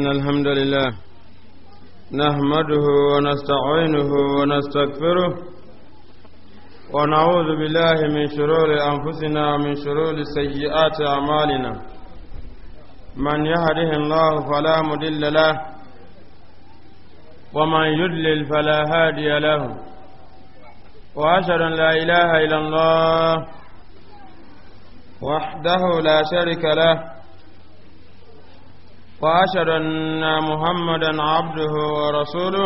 إن الحمد لله نحمده ونستعينه ونستغفره ونعوذ بالله من شرور أنفسنا ومن شرور سيئات أعمالنا من يهده الله فلا مدل له ومن يدلل فلا هادي له وأشهد أن لا إله إلا الله وحده لا شرك له Wa achere na muhammad n abdurasulu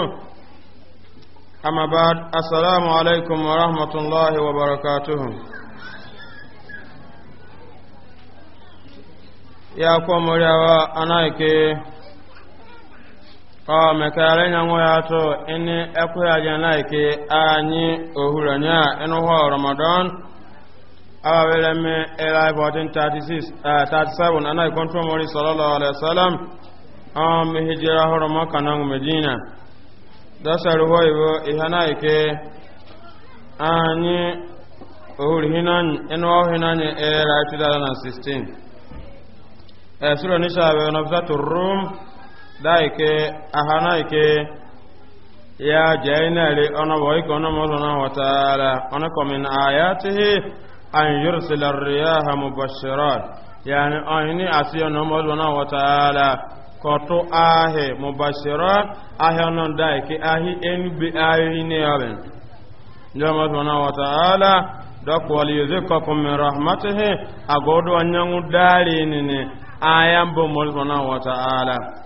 asalam alekum ramatulhiwabaraka tụ yakmorih anaghịke ọmekarị nya nwa ya atụ ịne ekweghị aje anagheke anyị ohuri nya ịụwa ramadan awa wele me era 1436 37 uh, ana ikonto mori sallallahu alaihi wasallam Um, hijira horo maka na medina dasar hoyo ihana ike anyi ohuri hinan eno hinan era 2016 esuro eh, nisha shabe on obsatu room daike ahana ike ya jainari ona boy kono mo sona wa taala ona komin ayatihi an yursila riyaha mubashirat yani ahini asiya no mo na wa taala ko to ahe mubashirat ahe non dai ki ahi en bi ahi ne yaben no mo na wa taala dok wal yuzikakum min rahmatihi agodo anyangu dali ne ayan bo mo wa taala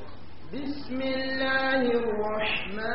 بسم الله الرحمن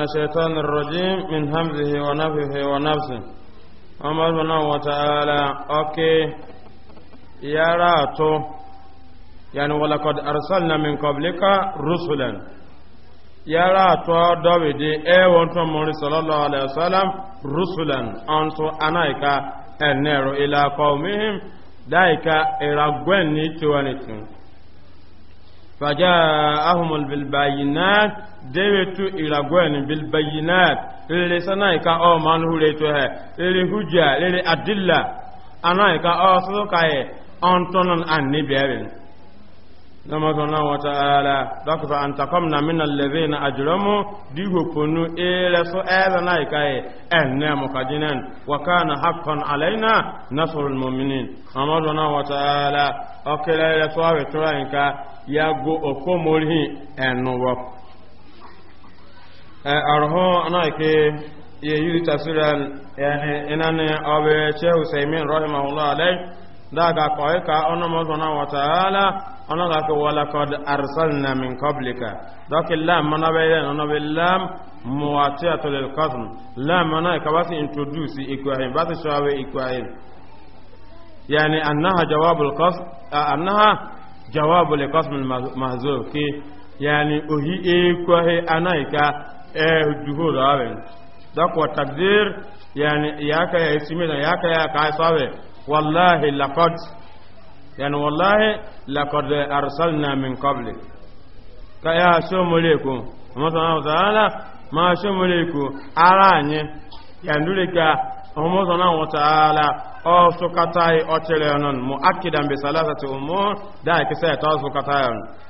من الشيطان الرجيم من همزه ونفه ونفسه أما ربنا وتعالى أوكي يا راتو يعني ولقد أرسلنا من قبلك رسلا يا راتو داود إيه وانتو مولي صلى الله عليه وسلم رسلا أنتو أنايكا النار إلى قومهم دايكا إراغوين نيتوانيتو فجاءهم بالبينات dewetu iragwen bil bayinat lele sana ika o man hure to he lele hujja lele adilla ana ika o so kae on tonon an ni beren nama sɔnna wa ta'ala dɔk fa an takamna min alladhina ajramu digo konu ere so ere na ikaye enne mo kadinan wa kana haqqan alaina nasrul mu'minin nama sɔnna wa ta'ala okere ere so awe tura inka yago okomori enwo Eh, arho ana ke ya yi tafsiran yani ina ne abu shehu saimin rahimahullah alai daga kawai ka ona mazana wa ta'ala ona da ka wala kad arsalna min qablika dak lam mana bayan ona bil lam muwatiatu lil qasm lam mana ka basi introduce ikwahin basi shawe ikwahin yani annaha jawabul qasm annaha jawabul qasm al mahzuf ki yani ohi ikwahi anaika juhud awe dako takdir yani yaka ya isimina yaka ya ka sawe wallahi laqad yani wallahi laqad arsalna min qabli ka ya assalamu alaikum amma sana taala ma assalamu alaikum aranye yandure ka amma sana taala o sukatai o tele onon muakkidan bi salasati umur da ke sai ta sukatai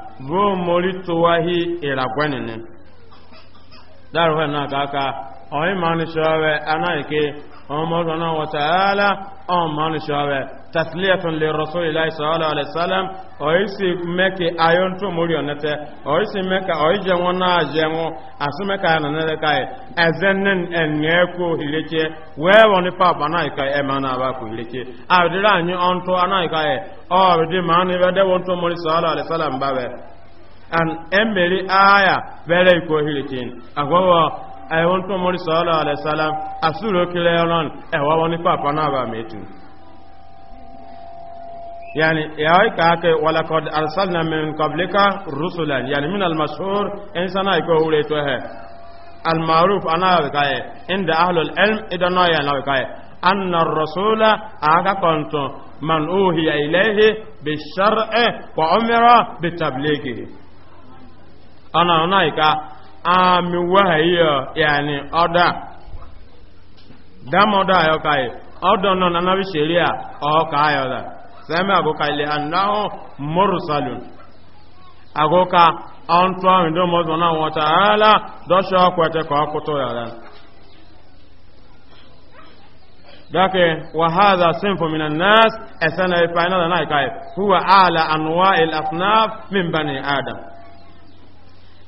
voo mori towahi iragwanini dárúfẹ́ náà káàkà ọ̀yìn máa ní ṣọ́ọ̀wẹ́ anáyíké ọmọ ọ̀sán wọ̀tàálá ọmọ máa ní ṣọ́ọ̀wẹ́ tàtílẹ̀tún lè rọ̀sọ́ ìláìsọ́ọ̀lá alẹ́sálẹ́m ọ̀yìn sí mẹ́kẹ̀ ayọ́n tó mórí ọ̀nẹ́tẹ́ ọ̀yìn sí mẹ́kà ọ̀yìn jẹ wọn náà na an emeri aya bere ko hiritin agwawa ayon to mori sallallahu alaihi wasallam asuro kire ron e wa woni papa na ba metu yani ya ka ke wala qad arsalna min qablika rusulan yani min al mashhur insana ko hure to he al ma'ruf ana ka e inda ahlul ilm idana ya na ka e أن الرسول أعقبت من أوهي إليه بالشرع وأمر بتبليغه ana ona ika ami wahayo yani oda damoda ayo kai odo e, no na na sheria o ka ayo da sema ago kai le annahu mursalun ago ka on to do mo na wa taala do sho kwete ko akuto ya da dake wa hadha sinfu min an-nas asana fa na na e, huwa ala anwa al min bani adam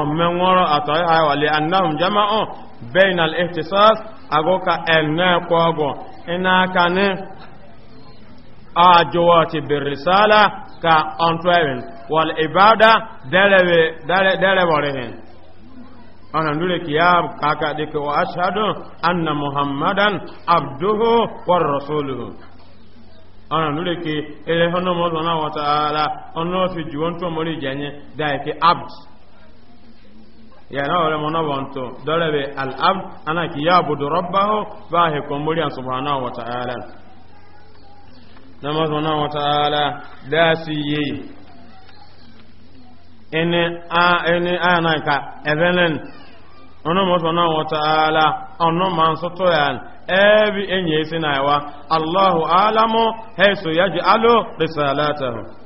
ọmọ atọ àtọ́ annahum jama'un bain al-ihtisas agoka ẹ̀nà ẹ̀kọ́ ọgọ̀ aka ní àjọwọ̀ ti ka ọ̀ntọ́ẹ̀rin wal ibada dẹ́rẹ̀wọ̀rẹ̀hìn ọ̀nà lórí kí á kaka dìkẹ̀ wa anna muhammadan abduhu wa rasuluhu ọ̀nà lórí kí na ọ̀nà mọ́sánà wọ́ta ààrà ọ̀nà jùwọ́n tó mọ́rí abd yana wale mona wanto dole be al'abd ana ki yabudu rabbahu ba he kombori an subhanahu wa ta'ala nama subhanahu wa ta'ala da si yi ene a ene ana ka evenen ono mo subhanahu wa ta'ala ono man soto yan ebi enye sinawa allah alamu haythu yaj'alu risalatahu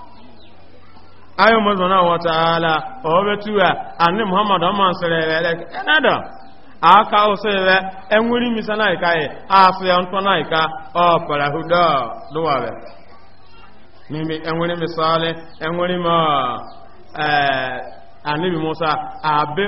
ayo mọ̀sánà wọ̀tàálà ọ̀bẹ̀túwà àní muhammadu ọmọ sẹ̀rẹ̀ rẹ̀ ẹ̀nàdà aka òsèrẹ̀ ẹnwúrí misa náà ìka yẹ àṣìyà ń tọ́nà ìka ọ̀pẹ̀rẹ̀ hudọ́ lówà rẹ̀ mímí ẹnwúrí misali ẹnwúrí mọ́ àníbi musa àbẹ́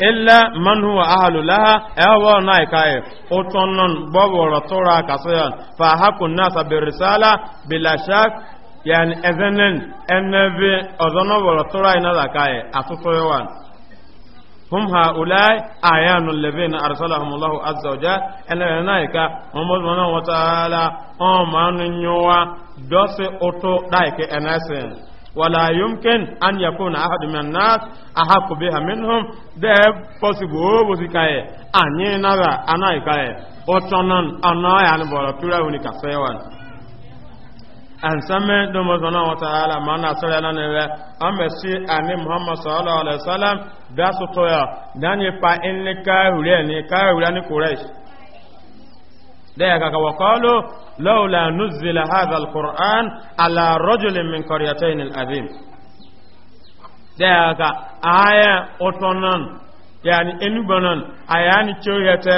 illa man huwa ahlu laha ewa na ikaye utonnon bobo ratura kasayan fa hakun nasa bi risala bila shak yani ezenen enebe ozono ratura ina da kaye asuto yawan hum haulai ayanul na arsalahum Allahu azza wa jalla ila na Muhammad subhanahu wa ta'ala o manu nyowa dose oto ولا يمكن أن يكون أحد من الناس أحق بها منهم ده possible وزكاية أني نرى أنا إكاية أتنان أنا يعني بولتورا هناك سيوان ansame domo zana wa ta'ala mana sala na ne amesi ani muhammad sallallahu alaihi wasallam da su toya dan ye pa in ka hure ni ka hure ni quraish daya ga wakalu laula nuzila hadha alquran ala rajulin min qaryatain alazim daya ga aya otonan yani enubanan ayani choyete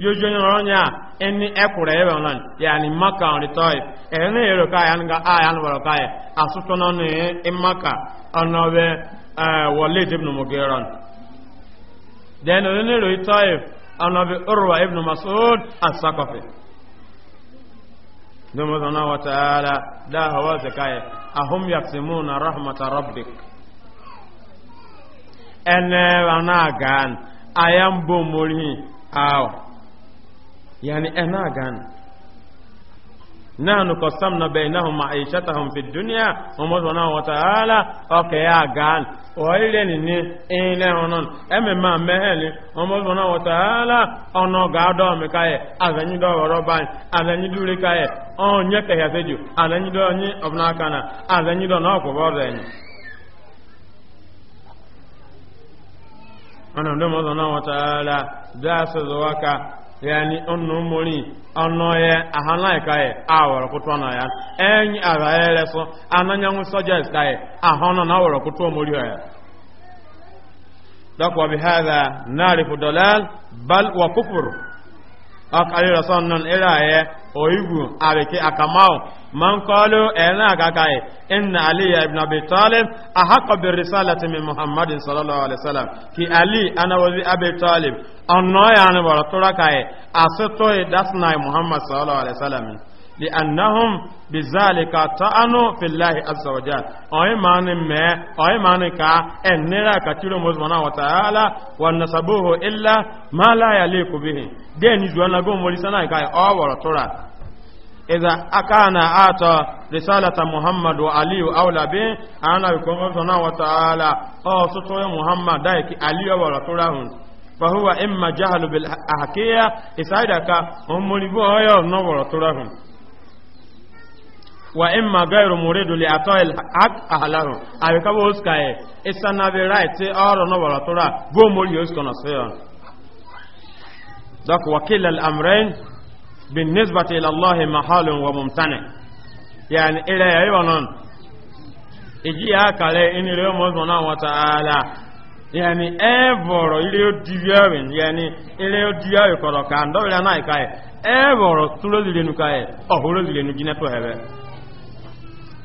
yojoyin ronya eni ekure ebe nan yani maka on toy ene yero ka yan ga aya an woro ka ya asutono ni imaka e onobe eh, walid anabi urwa ibn mas'ud as-saqafi domo zana wa ta'ala da hawa zakai ahum yaqsimuna rahmata rabbik ene wana gan ayam bomori aw yani ena gan nahnu qasamna bainahum ma'ishatahum fid dunya umma subhanahu wa ta'ala okaya gal oile ni ni ile honon eme ma mehele umma subhanahu wa ta'ala ono ga do mi kaye azanyi do woro ban azanyi du re onye ke ya seju azanyi do onye obna kana azanyi do na ko borenyi ana ndo mo wa ta'ala da yani ọnụ mori ọnụ ya ahana ka ya awara kutu na ya enyi ara ya leso ananyanwu sojas ka ya ahana na awara kutu bi bal ya oigu abeke akamao man qalu ena akakai inna ali ibn abi talib ahaqqa bi risalati min muhammadin sallallahu alaihi wasallam ki ali ana wazi abi talib anno ya ne bara torakai aseto dasnai muhammad sallallahu alaihi wasallam لأنهم بذلك طعنوا في الله عز وجل أي معنى ما أي معنى كا أن نرى كثير مزمنا وتعالى ونسبوه إلا ما لا يليق به دين جوانا قوم ولسانا كاي أول ترى إذا أكان آتى رسالة محمد وعلي أولى به أنا يكون مزمنا وتعالى أو سطوي محمد دايك علي أول ترى فهو إما جهل بالأحكية إسايدك هم مليبوا أيضا نور ترى wa in ma gairu muridu li ato il haq ahalaru abi kabo uska e isa na bi rai ti oro no wala tura go muri uska na sayon dak wakil al amrain bin nisbati ila allah wa mumtani yani ila yayi wannan iji ya kale in re mo zona wa ta'ala yani evoro ile odiya ben yani ile odiya ko ro kan do ila nai kai evoro tulo dile nu kai ohoro dile nu jina hebe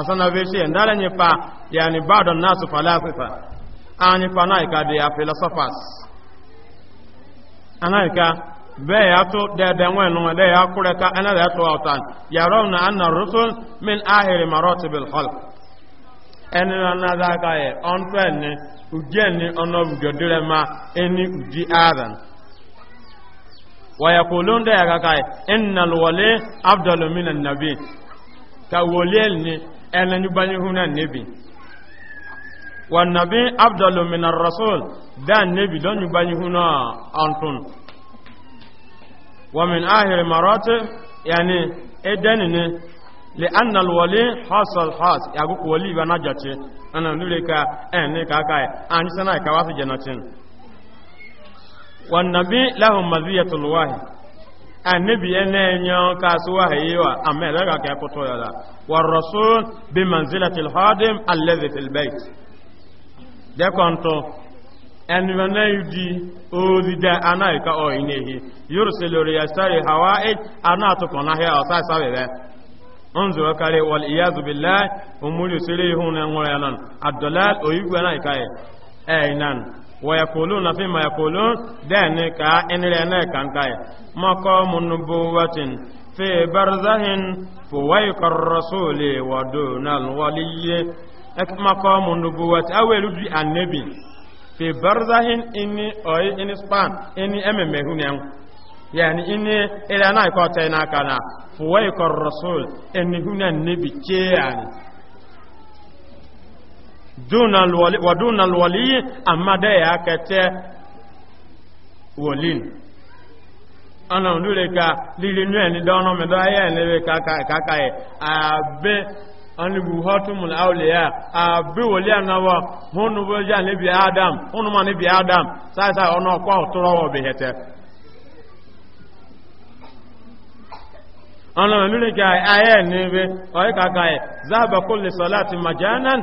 asana veshe ndala nyepa yani bado nasu falasifa anyepa naika de ya philosophers anaika bẹ́ẹ̀ yà tó dẹ́ẹ̀dẹ́ wọn nù ẹ̀ yà kúrẹ́ ká ẹ̀ náà tó ọ̀tàn yàrá òun náà nà rúṣùn min ahiri marọ́ ti bìl xọl. ẹni náà náà dáka yẹ ọ̀nfẹ́ ni ùjẹ́ ni ọ̀nà ògèdèrè ma ẹni ùjí ààrùn. wọ́n yẹ kó lóun dẹ́ yà kàkà yẹ ẹ̀ ń nà lọ́wọ́lé ka wòlíẹ̀ ni ẹni ní báyìí náà níbi wọn nàbí abdulmina rasul dáa níbi don ní báyìí náà ọ̀tún wọ́n min ahìrì marọ́tí yàní ẹdẹ́ni ni lè annal wọlé hustle house yàgùkù wọlé ìbá náà jàce ẹnà lórí ka ẹni kàkà ẹ̀ náà ìkàwá jẹ́ náà wọn nàbí láhùn mazíyàtùlùwáhì annabi yana yan kasuwa hayewa amma daga kai kuto yala war rasul bi manzilati al hadim alladhi fil bayt de konto en wana yudi ozi da ana ka o inehi yursilu riyasari hawaij ana to kona he o sa sabe onzo kare wal iyazu billahi umuri sirihun en wala nan ad-dalal o wayakulu na fi ma yakulu dani ka enire na kankai mako munubuwatin fi barzahin fuwaikar rasuli wa dunal waliyye mako munubuwati awelu di annabi fi barzahin ini oyi ini span ini ememehu ne yani ini ilana ikota ina kana fuwaikar rasul ini hunan nabi ودون na أما ده يكتب ولين ana nure ka lili nwe ni dono me do aye ni be ka ka e abe ani bu hatumul awliya abe woli anawa hunu bo ja ni adam hunu ma ni adam ono kwa otoro wo hete aye ni be o e zaba kulli salati majanan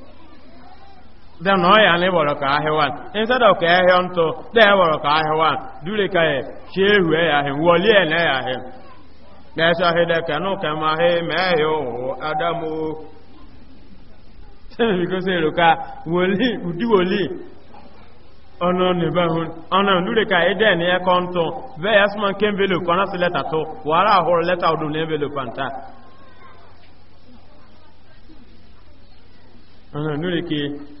then no ya ne ka ahewan instead of ka ahewan oh, to de ka ahewan dure ka shehu ya he woli e ya he na ka ma he me adamu sebe because e roka woli udi woli ọ̀nà nìbẹ̀hùn ọ̀nà ka ya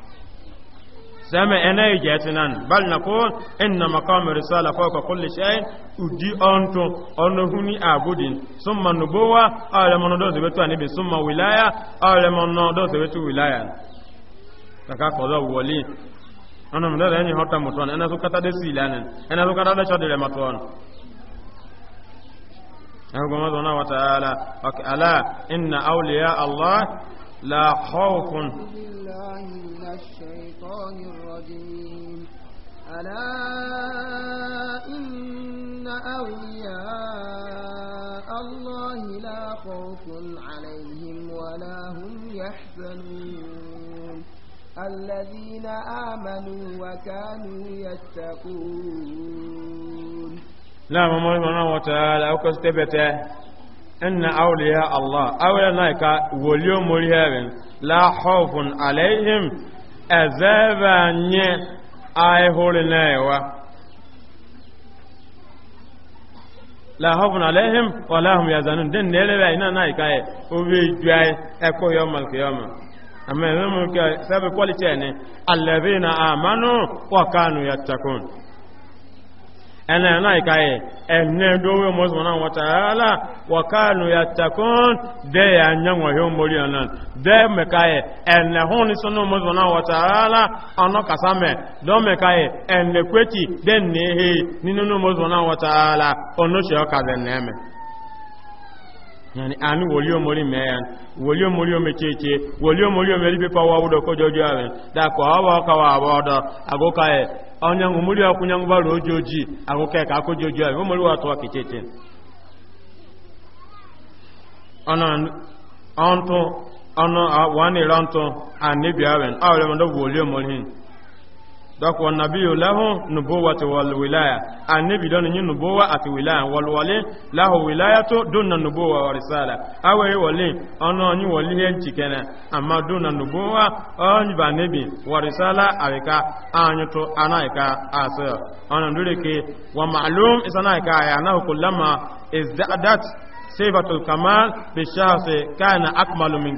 sɛmɛ ɛnɛ yi jɛti nan bal na ko in na makam risala fɔ ka kulli shay udi onto ono huni agudin summa nubuwa ala mono do zebe to anibi summa wilaya ala mono do zebe to wilaya kaka kodo woli ono mo da ni hota muton ena su kata de silane ena su kata de chodire maton Allah لا خوف بالله من الشيطان الرجيم ألا إن أولياء الله لا خوف عليهم ولا هم يحزنون الذين آمنوا وكانوا يتقون لا ممر الله تعالى أو كستبته inna awliya Allah awliya naika woliyo muri heaven la khawfun alaihim azaba nye ay holinewa la khawfun alaihim wa la hum yazanun den nele ba ina naika e obi jai e ko yomal qiyama amma mun ka sabe quality ne alladhina amanu wa kanu yattaqun ẹnẹ náà ìkáyẹ ẹnẹ dówó mọ́sùmọ́nà wọ́tàrálà wọ̀kánù yàtàkùn dẹ́ àyànwọ̀ yóò mórí ọ̀nà dẹ́ mẹ́káyẹ ẹnẹ hún ní sọ́nà mọ́sùmọ́nà wọ́tàrálà ọ̀nà kàsámẹ̀ dọ́mẹ́káyẹ ẹnẹ kwẹ́tì dẹ́ nìhe nínú mọ́sùmọ́nà wọ́tàrálà ọ̀nọ́ṣẹ́ ọ̀kadẹ̀ nẹ́mẹ̀ yani onyangu muri akunyangu baro ojoji akokeka akojoji ayo muri watu wakicheche ona onto ona wani ranto anibi awen awle mando volio molhin dɔkɔ nabiyu lahu nubuwati wal wilaya annabi dɔn ni nubuwa ati wilaya wal wali lahu wilayatu dunna nubuwa wa risala awe yi wali ɔnɔ ni wali hen cikɛnɛ amma dunna nubuwa ba nabi wa risala awi ka anyi to ana yi ka asɛ ɔnɔ dure ke wa ma'lum kamal bi shahsi kana akmalu min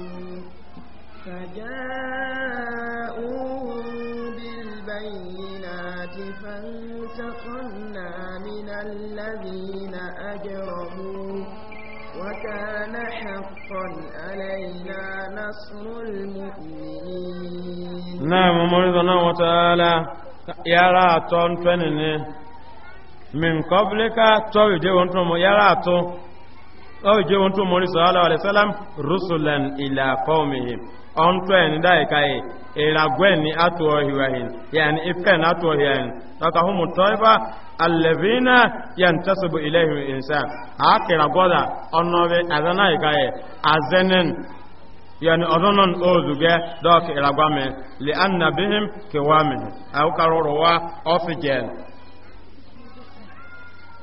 فجاءوهم بالبينات فانتقمنا من الذين أجرموا وكان حقا علينا نصر المؤمنين نعم مرضنا وتعالى يرى تنفنني من قبلك توجه وانتم يرى تنفنني أو جاء أنتم مولى صلى الله عليه وسلم رسلا إلى قومهم ya ontweni dai kai iragweni e atuohiwahin yani ifken ya taka humu toiba allazina yantasibu ilayhim insan akira goda onobe azanai kai azenen yani odonon ozuge dok iragwame li anna bihim kiwame au karuruwa ofijen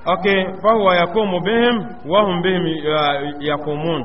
okay fahuwa yakumu bihim wahum bihim uh, yakumun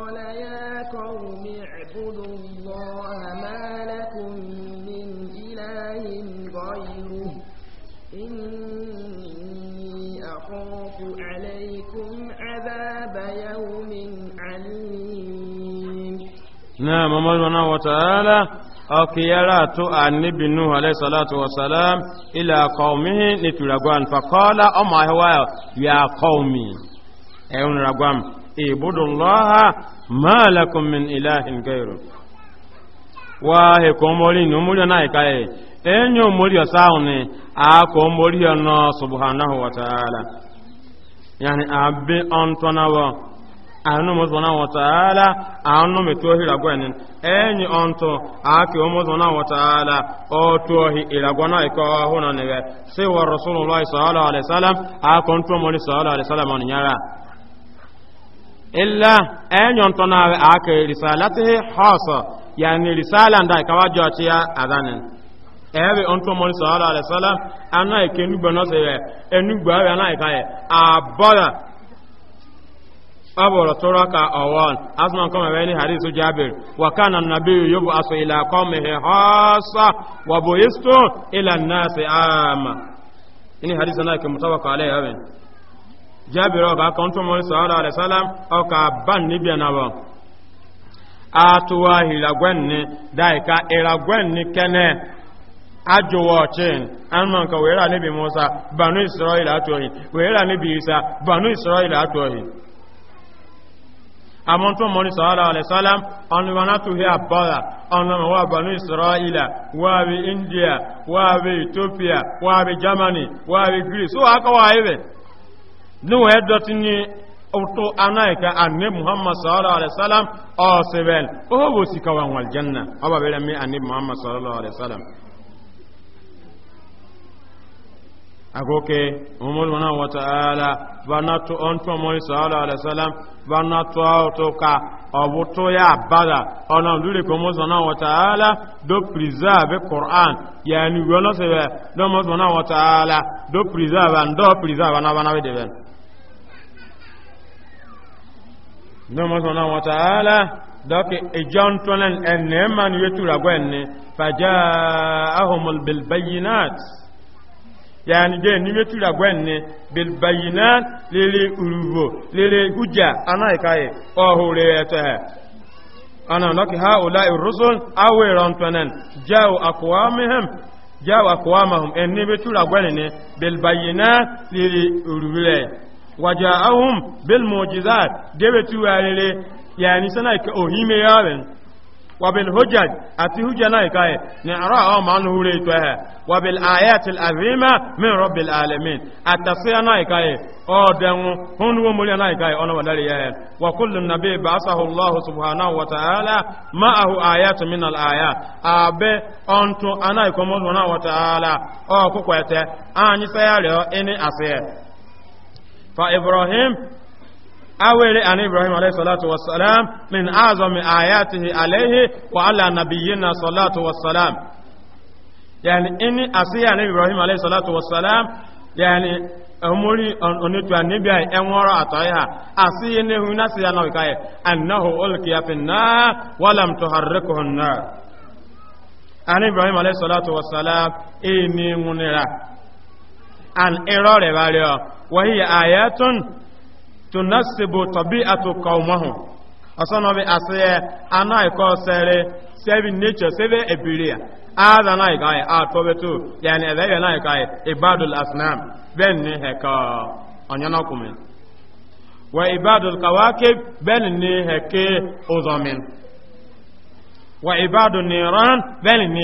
اعبدوا الله ما لكم من إله غيره إني أخاف عليكم عذاب يوم عليم نعم مولانا وتعالى أكيالا تو أن نوح عليه الصلاة والسلام إلى قومه نتلقوان فقال أما هو يا قومي أيون رقوان ibudullaha ma lakum min ilahin gairu wahe ko mori ni omori na ika e enyo omori osa ahụ ni a ko mori ono subhanahu wa ta'ala yani abi ontonawo anu mozona wa ta'ala anu metohi ragwenin enyi onto ake omozona wa ta'ala otohi iragwana iko huna niwe sai wa rasulullahi sallallahu alaihi wasallam akontu mori sallallahu alaihi wasallam onyara illa enyon aka risalatihi hasa yani risala nda kawa jochi ya adanin ebe onto mo sallallahu alaihi wasallam ana ikenu gbono se enugbo awe ana ikaye abola abọ̀rọ̀ tó ka ọ̀wọ́n asùnà kọ́mọ̀ ẹ̀wẹ́ ní harisu jabir jabiri ọga kọntụmọrị sọrọ alaisalam ọka ban nibia na wọn atuwa hiragwenni daika iragwenni kene ajowa chin anman ka wera nibi musa banu isra'ila atuwahi wera nibi isa banu isra'ila atuwahi amọ́ntún mọ́ni sọ́ọ́lá alẹ́sọ́lá ọ̀nàmọ́nà tó hí àbọ́lá ọ̀nàmọ́ wà bọ̀nú ìsọ́ọ́lá wàbí india wàbí ethiopia wàbí germany wàbí greece ó wà kọ́wàá ibẹ̀ ne wa dɔti ni to ana ka anne muhammad sallallahu alaihi wasallam o sebel o bo sika wa wal janna o ba bela mi anne muhammad sallallahu alaihi wasallam agoke umul wana wa ta'ala bana to on to mo sallallahu alaihi wasallam bana to to ka o to ya bada ona dure ko mo zona wa ta'ala do nomo sona wa ta'ala donc ijon tonen enne man yetura gwenne fajaahumul bil bayyinat yani je ni yetura gwenne bil bayyinat lele uruvo lele hujja anai kai ohure ete ana noki haula irrusul awiron tonen jao aqwamihim jao aqwamahum enne yetura gwenne bil bayyinat lele uruvile وجاءهم بالمعجزات دبتوا عليه يعني سنة كأهيم يارن وبالهجج أتهجى نايكاي نعرى ما نهوليتها وبالآيات العظيمة من رب العالمين أتصيا نايكاي أو دمو هنو مولي نايكاي أنا ودري وكل نبي بعثه الله سبحانه وتعالى معه آيات من الآيات أبي أنتو أنا يكمل هنا وتعالى أو كوكوتة أني سياريو إني أسير Kwa ibrahim awere an ibrahim alayhi salatu wassalam min azami ayatihi alayhi wa ala nabiyyina salatu wassalam yani ini asiya ni ibrahim alayhi salatu wassalam yani omori onitu anibia enworo atoya asiye ne huna siya na wikaye annahu ulqiya fi nar wa lam tuharrikuhu an nar an ibrahim alayhi salatu al'irọ́ rẹ̀ bá rí ọ wọ́n yí àyẹ́tún tunasibu tabi'atu qawmahum ọ̀sánà bí àṣẹyẹ aná ìkọ́ sẹ́rẹ̀ sẹ́bí nature sẹ́bí ẹ̀bìrìyà áàdà náà ìkà ẹ̀ àtọ́bẹ̀tò yẹni ẹ̀dẹ́gbẹ̀ náà ìkà ẹ̀ ìbádùl asnam bẹ́ẹ̀ ni ẹ̀kọ́ ọ̀nyánàkùnmin wọ ibadul kàwákì bẹ́ẹ̀ ni ẹ̀kẹ́ ọzọmin wọ ìbádùl niran bẹ́ẹ̀ ni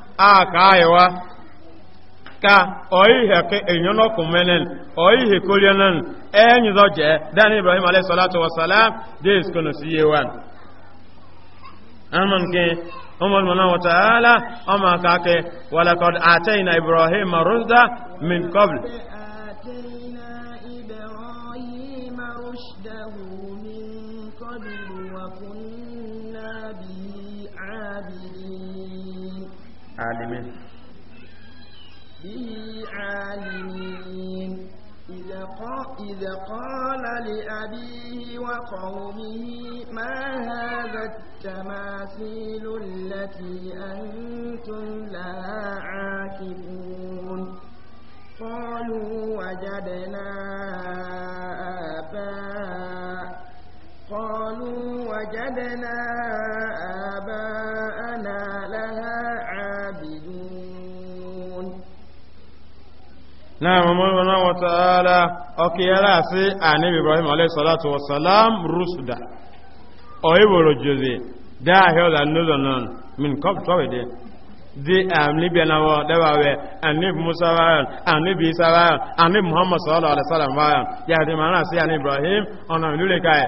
a ka ayiwa ka oyihe ke enyono kumenen je dan ibrahim alayhi salatu wassalam des kono siyewan aman ke umar mana wa ta'ala amma ka ke walaqad atayna Ibrahim rusda min qabl عالمين به عالمين إذا قال, إذا قال لأبيه وقومه ما هذا التماثيل التي أنتم لها عاكفون قالوا وجدنا آباء قالوا وجدنا آباء náà mọ̀mọ́ náà wọ́n tààlà ọkìyàrá sí àníbì ibrahim aleyhisalatu wasalam rusda ọ̀hìwòrò jòzè dáhìọ́ lànúlò náà min kọ́p tọ́wìdì di àníbì náwọ̀ dẹ́wàwẹ̀ àníbì musa wáyàn àníbì isa wáyàn àníbì muhammad sallallahu alaihi wasallam wáyàn yàtì mọ̀nà sí àníbì ibrahim ọ̀nà ìlú lè ka ẹ̀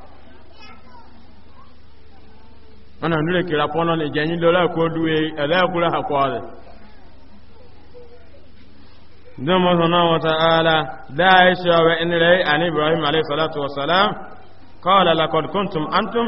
ana nure kira pono ne janyi dola ko duwe ala kula hakwale dama sana wa ta'ala da aisha wa in rai an ibrahim alayhi salatu wa salam antum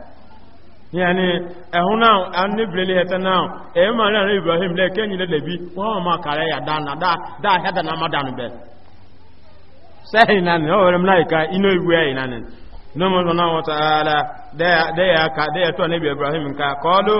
yẹni ehuna náà ni ẹ̀tẹ́ náà na e ma na ibrahim le kenyi le lebi wa ma kare ya da na da ma da be sai na ne o rem laika ino ibu ya ina na da ka da ka qalu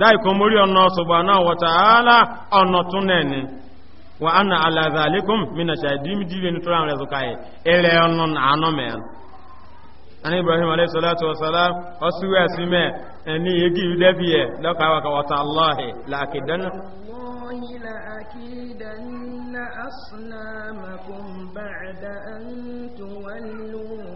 dáìkọ̀ mórí ọ̀nà subhanahu wa ta'ala ọ̀nà tún nẹ́ni wa ana ala zalikum mina shahidi mi dile ni tura rezu kai ele ọ̀nà àánọ́ me an ibrahim alayhi salatu wa salam osu wa sime eni yegi debi e doka wa ka ba'da an tuwallu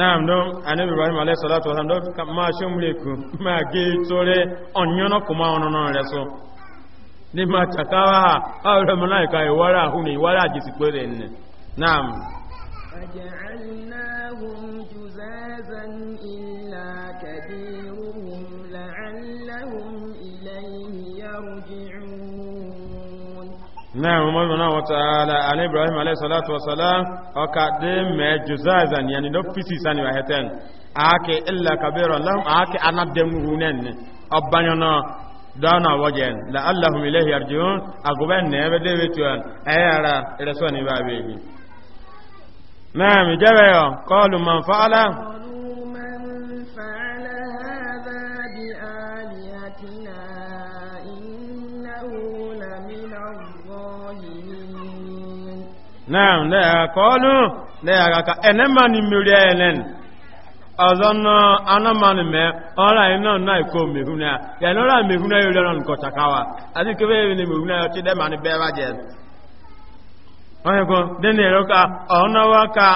naam don anabi ibrahim alayhi salatu wasalam don ka ma se mure ku ma ge tore onyono kuma ono no re so ni ma ha awre ọ e wara hu ni wara ji pere ni naam náà mọ́ mọ́ wọ́n tààlà àní ibrahim alẹ́sọ́látù wọ́sọ́lá ọkà dé mẹ́jù záàzàn yẹn ni lọ́fíìsì sani wà hẹ́tẹ́n àáké ilẹ̀ kàbírọ̀ lọ́m àáké anádẹ́mùhù nẹ́ni ọbányọ́nà dáná wọ́jẹ́ làálàhùn ilé yàrjùn àgùbẹ́ nẹ́ẹ̀bẹ́ dé wẹ́tù ẹ̀ ẹ̀yàrá ìrẹsọ́ ní bàbá yìí náà mi naam ne kọlu ne agaka enema ni mmiri elen ọzọ nọ anamani mẹ ọra na náà ikó mehuna yẹn ọra mehuna yóò lọ́nà nkọ̀takawa àti kébé yìí ni mehuna yóò ti dẹ́mà ní bẹ́ẹ̀ bá jẹ. wọ́n yẹ kó dẹ́nu ẹ̀rọ ká ọ̀nà wa ká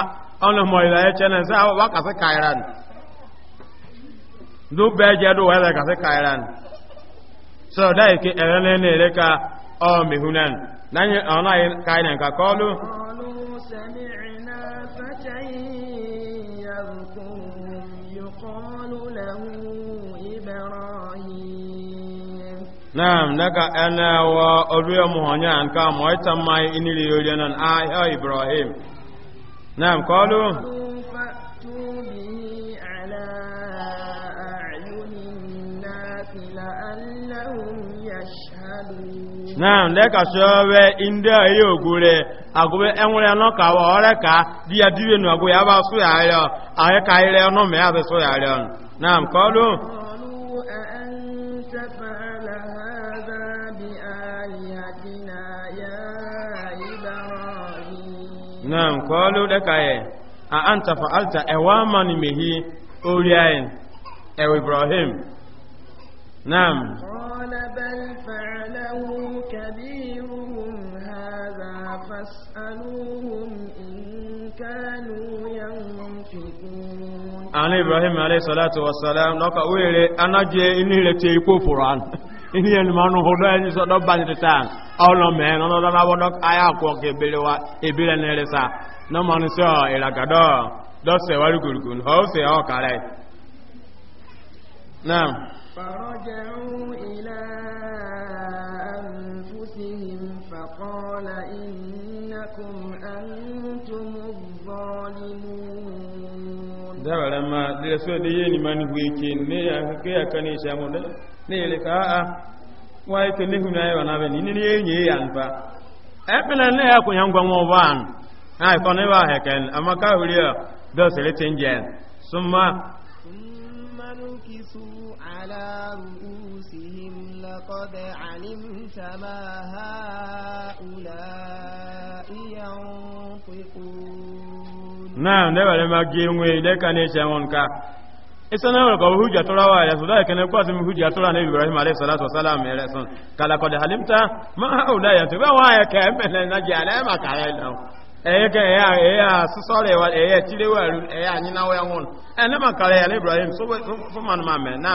ọ̀nà mọ̀ ìlà ẹ̀kyẹ́ náà sẹ́ wá kàsí káyìrà ni. dó bẹ́ẹ̀ jẹ́ dó wẹ́lẹ̀ kàsí káyìrà ni. sọ̀rọ̀ dáìkì ẹ̀rọ náà ní ẹ̀rẹ́ ká ọ̀ mehuna ni. nanyi ọ̀nà kaina ka kọlu naam daga ana wa oriyo muhonya nka moita mai iniri yoriyo nan na ibrahim naam kọlu na ndeka showe inde ayi ogure agube enwere no ka wa ore ka dia diwe nu agwe aba so ya ile aye ka ile no me aba so ya ile na naam نعم قالوا لك ايه a فعلت أواما ewa أولياء أو إبراهيم نعم قال بل naam. فاسألوهم إن كانوا ينفقون أنا إبراهيم عليه الصلاة والسلام لك أولي أنا جي إني لتي كفران إني ينمانو هدو إني سدو باني تتان أولا مين أنا دانا ودك آيا كوكي بلوا إبلا نيرسا نمان سيو إلا كدو دو سيوالي كولكون هو سيو كالي نعم فرجعوا إلى أنفسهم فقال إن dabara ma dira so de yeni mani weke ne ya ke ya kane ne ka a ah, ah, wai ke n'ihu na be ni ne ye ya npa e pela ne ya ngwa mo ban ai ko ne ba he ken amaka huriya do se le na ndebere ma gị nwe ile ka na-eche nwụ nka isana nwere ka ọbụ hujja tụrụ awa ya sụda ekene kwasị m hujja tụrụ na ibrahim alayhi salatu wasalam mere sun kala kọdị halimta ma ha ụda ya tụba nwa ya ka emele na ji ala ma ka e e ya e ilo eye ka eya eya sụsọrọ ewa eya chirewa eya anyị na ya nwụrụ ene ma kara ya na ibrahim sụmanụ ma mee na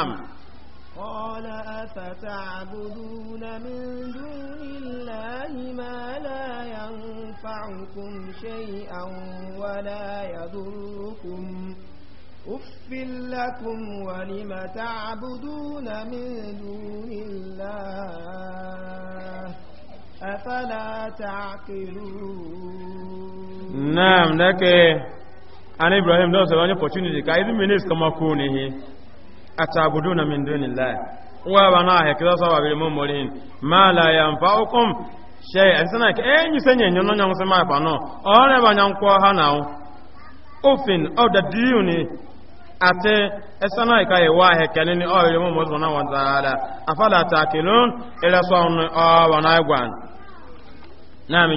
قال أفتعبدون من دون الله ما لا ينفعكم شيئا ولا يضركم أف لكم ولم تعبدون من دون الله أفلا تعقلون نعم لك أنا إبراهيم دوسة وأنا opportunity كأيدي منيس كما كونه atabuduna min dunillahi wa bana he kida sawa bi mun ma la yanfa'ukum shay asana ke enyu eh, senye nyono nyong sema pa no ore ba nyang kwa ha na ofin o da diuni ate asana ka ye wa he afala takilun ila sawn o bana gwan na mi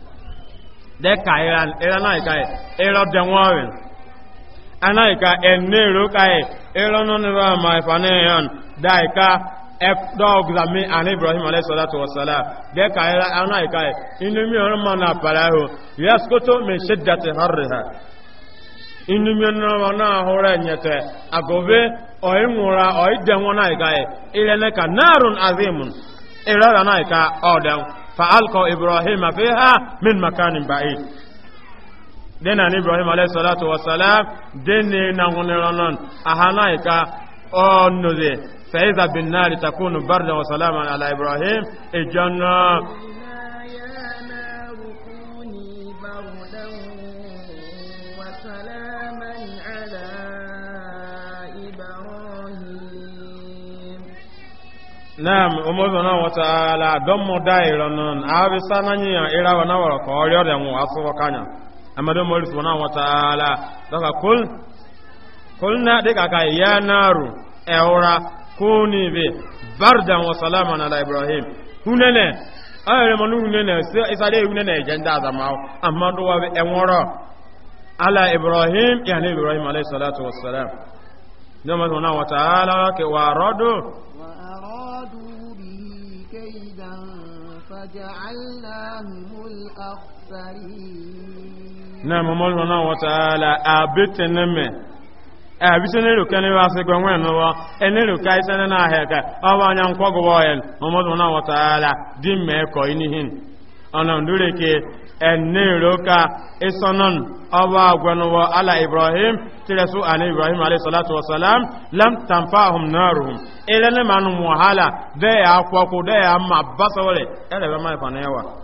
deka ira naika ira denwarin anaika enero kai ira nonira ma ifanayan daika dọgzami ani ibrahim alayhi salatu wa salam deka ira anaika inu mi ọrọ na apara ahụ yaskoto min shiddati harriha inu mi ọrọ na ahụrụ enyete agobe ọyị nwụra ọyị denwa naika ire neka narun azimun ira naika ọdenwu fa'alqa ibrahim fiha min makanin ba'id dena ni ibrahim alayhi salatu wassalam dene na huniranon ahana ika onuze fa'iza bin nari takunu barda wa salaman ala ibrahim ijanna naam na-awọta umuzona wataala dommo dairo non awi sananya ira wana wala ko oryo de mu asuwa kanya amma dommo na subhanahu ala daga kul na de kaka ya naru eura kuni bi barda wa salaman ala ibrahim hunene ayre manu hunene se isare hunene jenda zama amma do wa enworo ala ibrahim ya ne ibrahim alayhi salatu wassalam dommo subhanahu wataala ke warodo na الأخسرين نعم مولانا ala أبتنا na abisi ne lo kene wa se gwen no wa na ahịa ka awa nya nkwa go wa en mo na di inihin ana ndure ke enne roka isanon awa gwanuwa ala ibrahim tire ala ibrahim alayhi wasalam lam tanfa'hum naruhum ilele manu muhala de ya kwaku de ya mabasa wale ele ba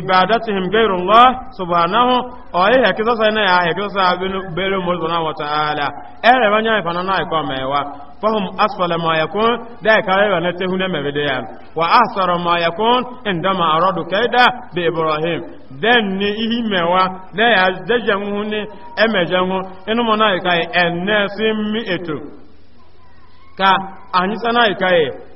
ibadatihim gairu Allah subhanahu o ihe kisa sai na ya kisa sai bere na subhanahu ala ere banya ifana na iko mewa fahum asfala ma yakun da kare na nete hune mebede ya wa ahsara ma yakun indama aradu kaida bi ibrahim den ni ihi mewa da ya deje mu ni emeje mu inu mo na ikai enesi mi eto ka anyi sana ikai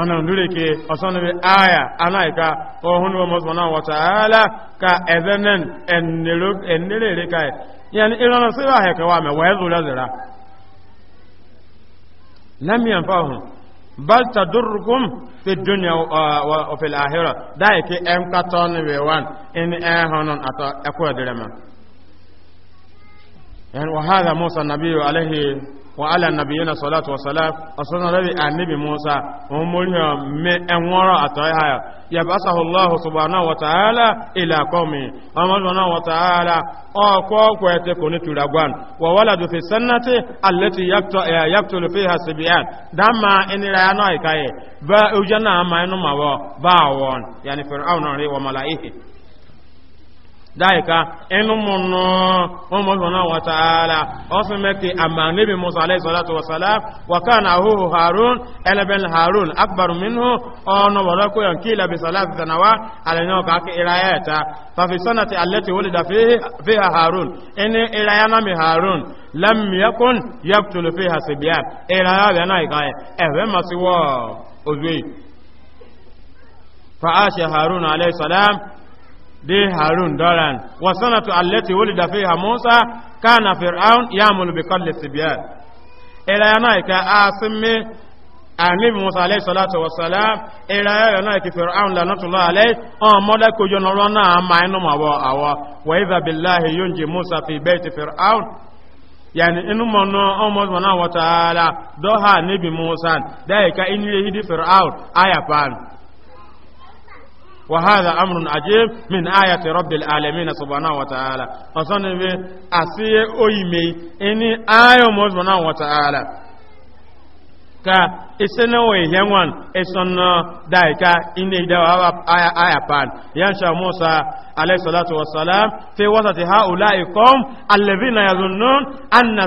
ana ndure ke osanobe aya anaika ohunu mosmana wa ta'ala ka ezenen enero enere kai e. yani irana sai wa heka wa me wa zura zira lam yanfahu bal tadurrukum fi dunya wa fi al dai ke em katon we wan in ehonon ato ekwa direma yani wa hadha musa nabiyyu alayhi wa ala nabiyina salatu wasalam asana rabi annabi musa on moriya me enwara atai haya ya basahu allah subhanahu wa ta'ala ila qaumi amma subhanahu wa ta'ala o ko ko ete ko ni turagwan wa waladu fi sannati allati yaktu yaktul fiha sibian dama inira no ikaye ba ujana ma enu mawo ba won yani fir'aun ri wa malaihi dáìka ẹnu mọ̀nà ọmọ ìfọ̀nà wàtàálà ọsùn mẹ́kì àmà níbi musa alẹ́ ìsọ̀látò wàsàlá wàkàn àhóhò harun ẹlẹ́bẹ̀n harun akbar minhu ọ̀nà wọ̀lọ́kọ̀yàn kí ilẹ̀ bisala zanawa alẹ́yàn kàkí ìráyà ẹ̀ta fàfisọ́nà ti alẹ́tì wọlé dà fi ha harun ẹni ìráyà náà mi harun lẹ́mìíyàkùn yẹ́pùtùlù fi ha sìbíà ìráyà rẹ̀ náà ìka ẹ̀fẹ́ màsíwọ́ òzùwẹ̀ fa'ashe harun alayhi salam de harun doran wasanatu allati wulida fiha musa kana fir'aun ya'mulu bi qalli sibyan ila yana ka asmi ani musa alayhi salatu wassalam ila yana ki fir'aun lanatullah alayhi on moda ko jono rona ma inu ma bo awo wa idha billahi yunji musa fi bayti fir'aun yani inu mono on mo subhanahu wa ta'ala do ha musa da ka inile hidi fir'aun aya pan وهذا أمر عجيب من آية رب العالمين سبحانه وتعالى أصنع أسيه أيمي إني آية سبحانه وتعالى ka isanawa yawan isana daika ina idawa aya aya pan yansha musa alayhi salatu wassalam fi wasati haula'i qawm alladhina yazunnun anna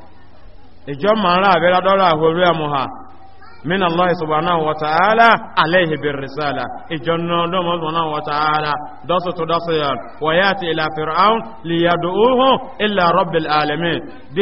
ìjọ mara àbẹ́rẹ́ dọ́rọ̀ àhórí àmúhà min allah subhanahu wa ta'ala alayhi bir risala ijanna do mo subhanahu wa ta'ala dasu to dasu ya wa yati ila fir'aun li yad'uhu illa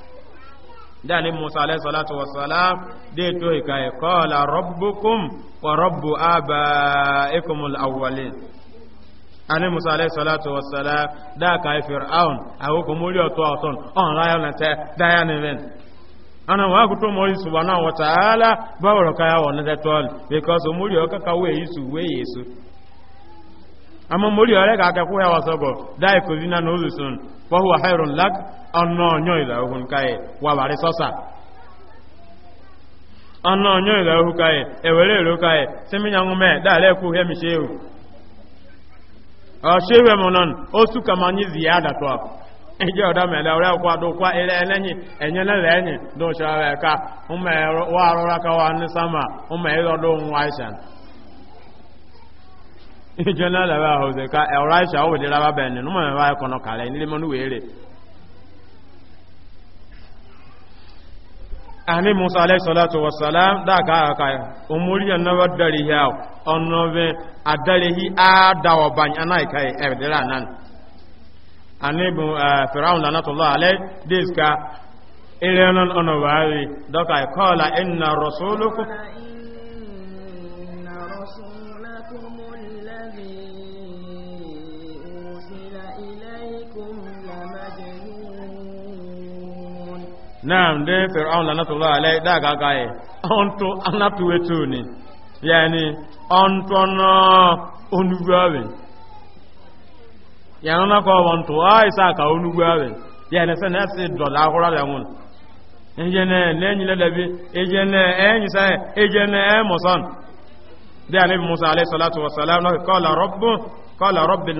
dani musa alayhi salatu wa salam de to ikaye qala rabbukum wa rabbu abaikum alawwalin ani musa alayhi salatu wa salam da kai fir'aun awoko mori oto oton on rayo na te daya ni men ana wa kuto mori subhanahu wa ta'ala bawro kaya wona de tol because omori o kaka we isu we yesu ama mori ore ka aka kuya wasogo dai ko zina no lusun fa huwa khairun lak anna nyo ila hun kai wa bare sosa anna nyo ila hu kai e were ro kai seminya ngume da le ku he mi sheu a ah, shewe monon osu kamanyi ziyada to eje ọ̀dá mẹ̀lẹ̀ ọ̀rẹ́ ọkọ̀ àdókọ́ ilẹ̀ ẹlẹ́yìn ẹ̀yìn lẹ́lẹ́yìn dóṣọ́ ẹ̀ka ọmọ ẹ̀rọ wà rọ́rákọ́ wà ní sámà ọmọ ẹ̀rọ dóhun ijona la ba hose ka e ora sha o de la ba ben no ma ba ko no kale ni le mo nu ere ani musa alayhi salatu wa salam da naam de fir'aun lanatullah alai da ga ga e on to anatu wetu ni yani on to no onugwawe ya na ko on to ai sa ka onugwawe ya na na se dola hora le mun eje na le nyi le dabi eje na e nyi sa e, eje na e moson de anabi musa alayhi salatu wassalam qala rabbu qala rabbil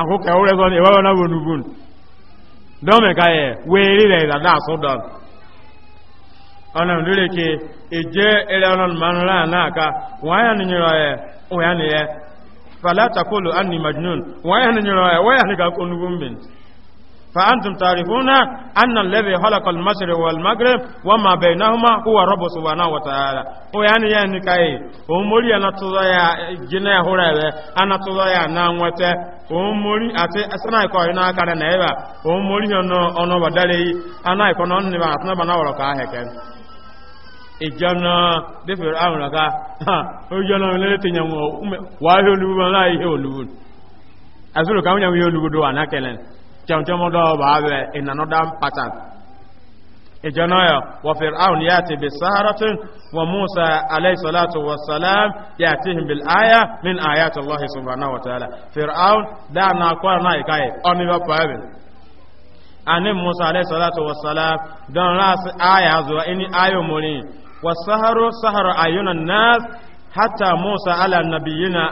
akụkọ ewure zọ na ewewe na wonugun dọme ka ye wee rire ìdàdà asụ dọn ọnà ndúlé ke eje ere ọnà mmanụ laa n'aka wọn ya nìnyere ọyẹ wọn ya nìyẹ fàlẹ́ àtàkùlù anì majnun wọn ya nìnyere ọyẹ wọn ya nìka onugun mint فأنتم تعرفون أن الذي خلق المشرق والمغرب وما بينهما هو رب سبحانه وتعالى ويعني يعني كاي na أنا تضيع جنة هرابة أنا تضيع ناموتة ومولي أتي أسنا يكوي ناكرا نيبا ومولي أنو بدالي أنا يكون أنو أتنا بنا ولكا هكذا ìjọ́nà dífẹ̀rẹ̀ àrùn lọ́ká ó jọ́nà lẹ́lẹ́tẹ̀yàn wọ́n wáyé láyé wà chọmchọm dọọ baa bẹ ị nanọ dam patan ìjọnayọ wọ fir'aun ya ti bi saharatun wa musa alayhi salatu wa salam ya ti hin bil aya min ayati allah subhanahu wa ta'ala fir'aun da na kwara na ikai oni ba pawin ani musa alayhi salatu wa salam don ras aya zuwa ini ayo muni wa saharu saharu ayunan nas hatta musa ala nabiyina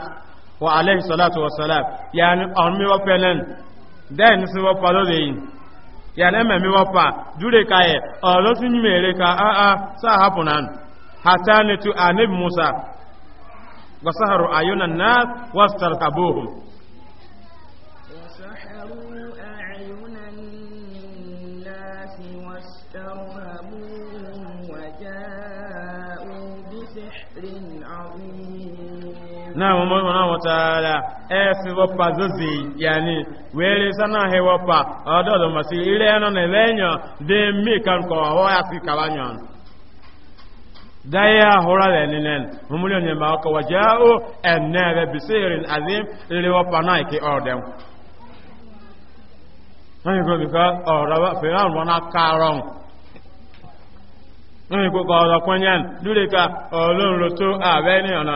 wa alayhi salatu wa salam yani on mi wa pelen den si wọ́pọ̀ lóde yìí yàrá mẹ̀mí wọ́pọ̀ dúre ka yẹ ọ̀rọ̀ tún yìí mèrè ka a ah, a ah, sáà hapù náà hàtà ni tu anabi musa wasaharu ayunan nas wasu tarkabohum na mọmọ mọna wọtaala ẹsẹ e wọpa zozi yanni wẹẹrẹ sanna hẹ wọpa ọdọ lọmọsi ilẹ ẹnọ na ẹbẹ ẹnyọ de mi kan ọwọ yasi kaba nyọn daya hura da ninen mumuliyon ne ma ka waja'u annaba bisirin azim ile wa pana ke ordem wọ́n yìí kó bí kọ́ ọ̀rọ̀ fìràn wọn kárọ̀n wọ́n yìí kó kọ́ ọ̀rọ̀ kọ́nyẹ́n lórí ka ọlọ́run ló tó ààbẹ́ ní ọ̀nà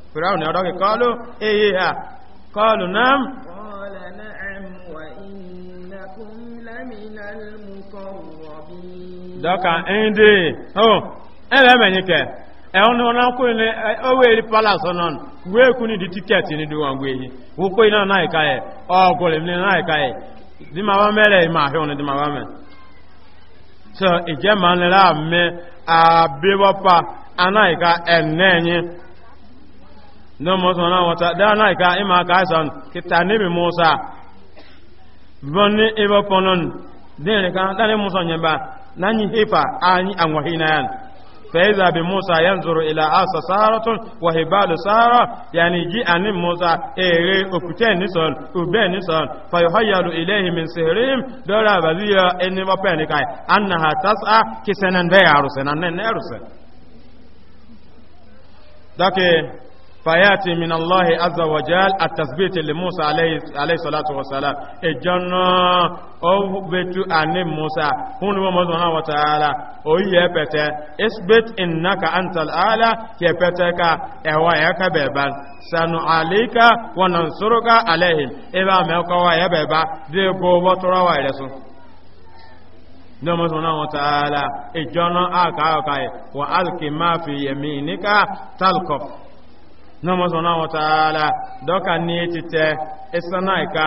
fìràwùn ọ̀dọ́kì kọlu èyí ha eyi náà kọlu náà wà ìnàkùn lámìnà mùkọ̀wọ̀bí dọ́kà ẹ̀ndì ẹ̀hún ni wọ́n náà kó ilé owó èrí palace ọ̀nà wéèkú ní di tíkẹ̀tì ní dùn àgbé yìí wọ́n iná náà ìka ní náà ìka mẹ́rẹ̀ ìmọ̀ mẹ́ don musu na wata dana ka ima ka san kita nibi musa bonni ibo ponon dene ka dane musa nyamba nanyi hifa anyi anwahina yan فإذا بموسى ينظر إلى أسا سارة وهبال سارة يعني جي أن موسى إيري أكتين نسون أبين نسون فيحيل إليه من سهرهم دولا بذية إني وبينك أنها تسعى كسنن بيعرسن أنن نعرسن دكي fayati min allahi azza wa jal atasbiti li musa alayhi salatu wa salam ejanna o betu ani musa hunu wa mazuna wa ta'ala o ye pete isbit innaka antal ala ye pete ka ewa ya ka beban sanu alika wa nansuruka alaihim eba me ko wa ya beba de go botora wa iresu ní ọmọ sọ̀rọ̀ àwọn tààlà ìjọ́nà àkàkà wà alkì máa fi yẹ̀mí níka talcoff nọmọsọ̀nà wọ̀tàálà dọ́ka ní títẹ ìsaná ka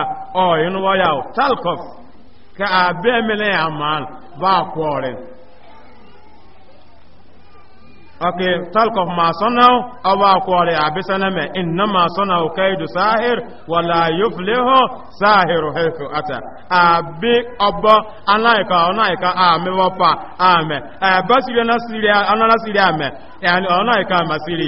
abẹ́ mẹ́lẹ̀ àmàn bá kọ́ ok talcoff ma sọ́nà ọba kọ́ rẹ̀ àbísánẹ́mẹ̀ iná ma sọ́nà òkè ìdù sáhìr wà láyé fìléhọ́ ọbọ aláìka ọ̀nàìka àmì wọ́pa àmì ẹ̀bá sírí ọ̀nà sírí àmì ọ̀nàìka àmà sírí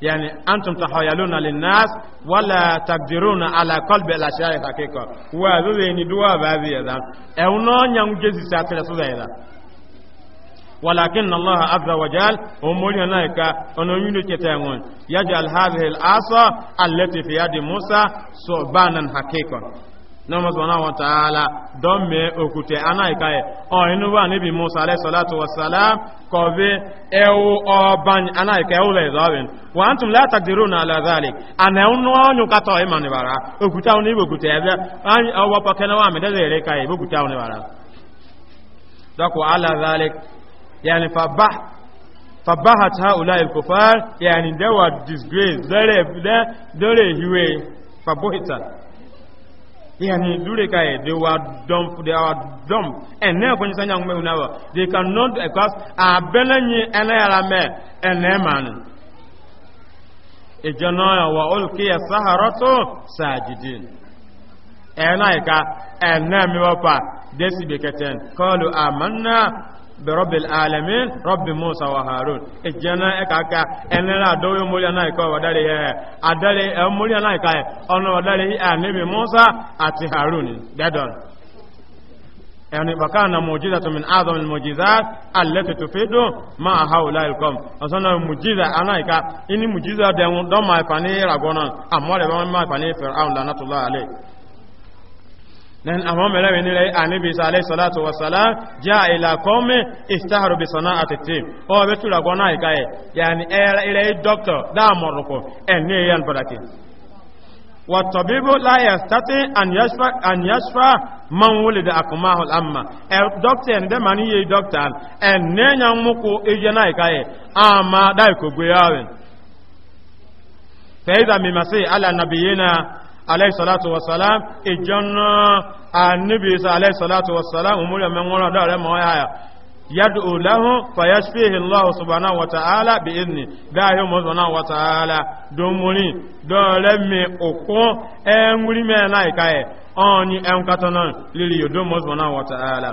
yani antum tahayaluna linnas wala takdiruna ala qalbi la shay'a hakika wa bibi ni duwa babi ya dan e uno nyang jezi sa tele so zaida walakin allah azza wa jal umuri naika ono yunu cheta ngon yajal hadhihi al asa allati fi yadi musa subanan hakika nama subhanahu wa ta'ala don me okute ana ikaye o inu wa musa alayhi salatu wa salam ko be ewu o ban ana ikaye o le zawin wa antum la taqdiruna ala zalik ana unu onyu kato imani bara okuta unu ibo okute ebe an o kai ibo okuta bara dako ala yani fa bah fabahat haula al-kufar yani dawa disgrace dare dare hiwe fabuhita yani dure kai they were dumb they are dumb and now when sanya ngwe unawa they cannot because abelanyi enayara me eneman ejana wa ulqiya saharatu sajidin enaika enemi wapa desi beketen qalu amanna bi rabbil alamin rabbi musa wa harun ejana e kaka enera do yo muri anai ko wadare he adare e eh, muri anai kai ono wadare hi eh, anabi musa ati harun dadon yani wakana mujizatu min azamil mujizat allati tufidu ma haula ilkom asana mujiza anaika ini mujiza de won do ma pani ragonon amore ba ma pani fir'aun lanatullah alayhi nan amma melewe ni rai anibi isa alayhi salatu wassalam ja ila qawmi istaharu bi sana'ati tim o oh, be tura gona ikaye yani era eh, ila e doctor da moroko enne eh, yan barake wa tabibu la yastati an yashfa an yashfa man wulida akmahu al amma e eh, doctor en de mani ye doctor en ne nyam muko ejena ikaye ama dai e ko gbeyawe fa iza mimasi ala nabiyina alayhi salatu wassalam ejonna annabi isa alayhi salatu wassalam umuri men wora da re mo ya yad'u lahu fayashfihi Allah subhanahu wa ta'ala bi idni dahi mo subhanahu wa ta'ala do muri do re mi oko e muri me na ikaye oni en lili yo do mo wa ta'ala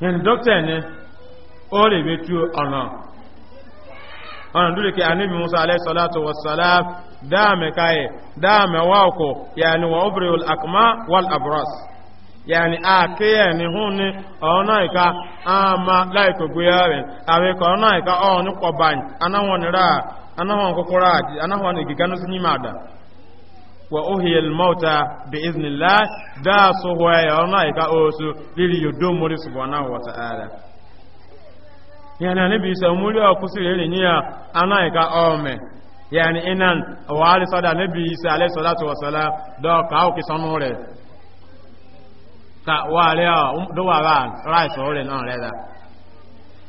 yen doctor ne o le betu ona ana dole ke annabi Musa alayhi salatu wassalam da me kai da me wako yani wa ubriul akma wal abras yani ake yani hunni ona ika ama laiko guyawe awe ko ona ika onu ko ban anawon ra anawon kokora ati anawon igiganu sinyimada wa ohiyel mauta bi iznillah da so hoya yana ne bisa muri a kusur ne niya ana ka ome yani inan wa ali sada ne bisa alayhi salatu wa sala do ka o ki sonore ka wa le um, do wa ba right ore na re da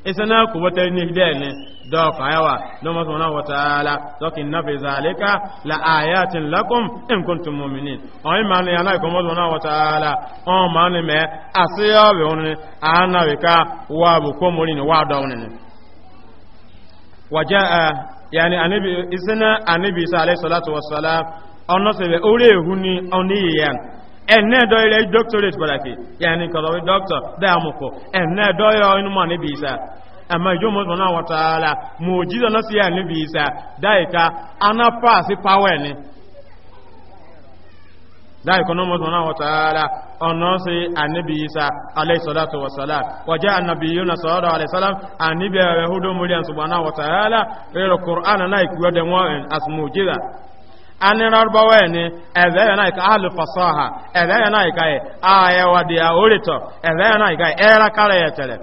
isana ku wata ne hidayene da fayawa don masu wana wata ala dokin na fi zalika la ayatin lakum in kuntum mu'minin mani yana ikon masu wana wata mani me asiyo bi wani ana wika wa bu ko muri waja'a eh, yani anabi isana anabi isa salatu wassalam on nasibe ore ehuni on ni ene doyire doctorate baraki yani kalawi doctor da amuko ene doyo inu mani bisa amma ijo mo sona wa taala mujiza na siya ni bisa daika ana pass power ni daika no mo sona wa taala isa alayhi salatu wa salam wa jaa annabiyuna sallallahu hudu ani rarubawa ni ɛvɛ yɛ n'ayi ka alu fasaha ɛvɛ yɛ n'ayi ka yi ayɛwadi ahoritɔ ɛvɛ yɛ n'ayi ka yi ɛra kala yɛ tɛlɛ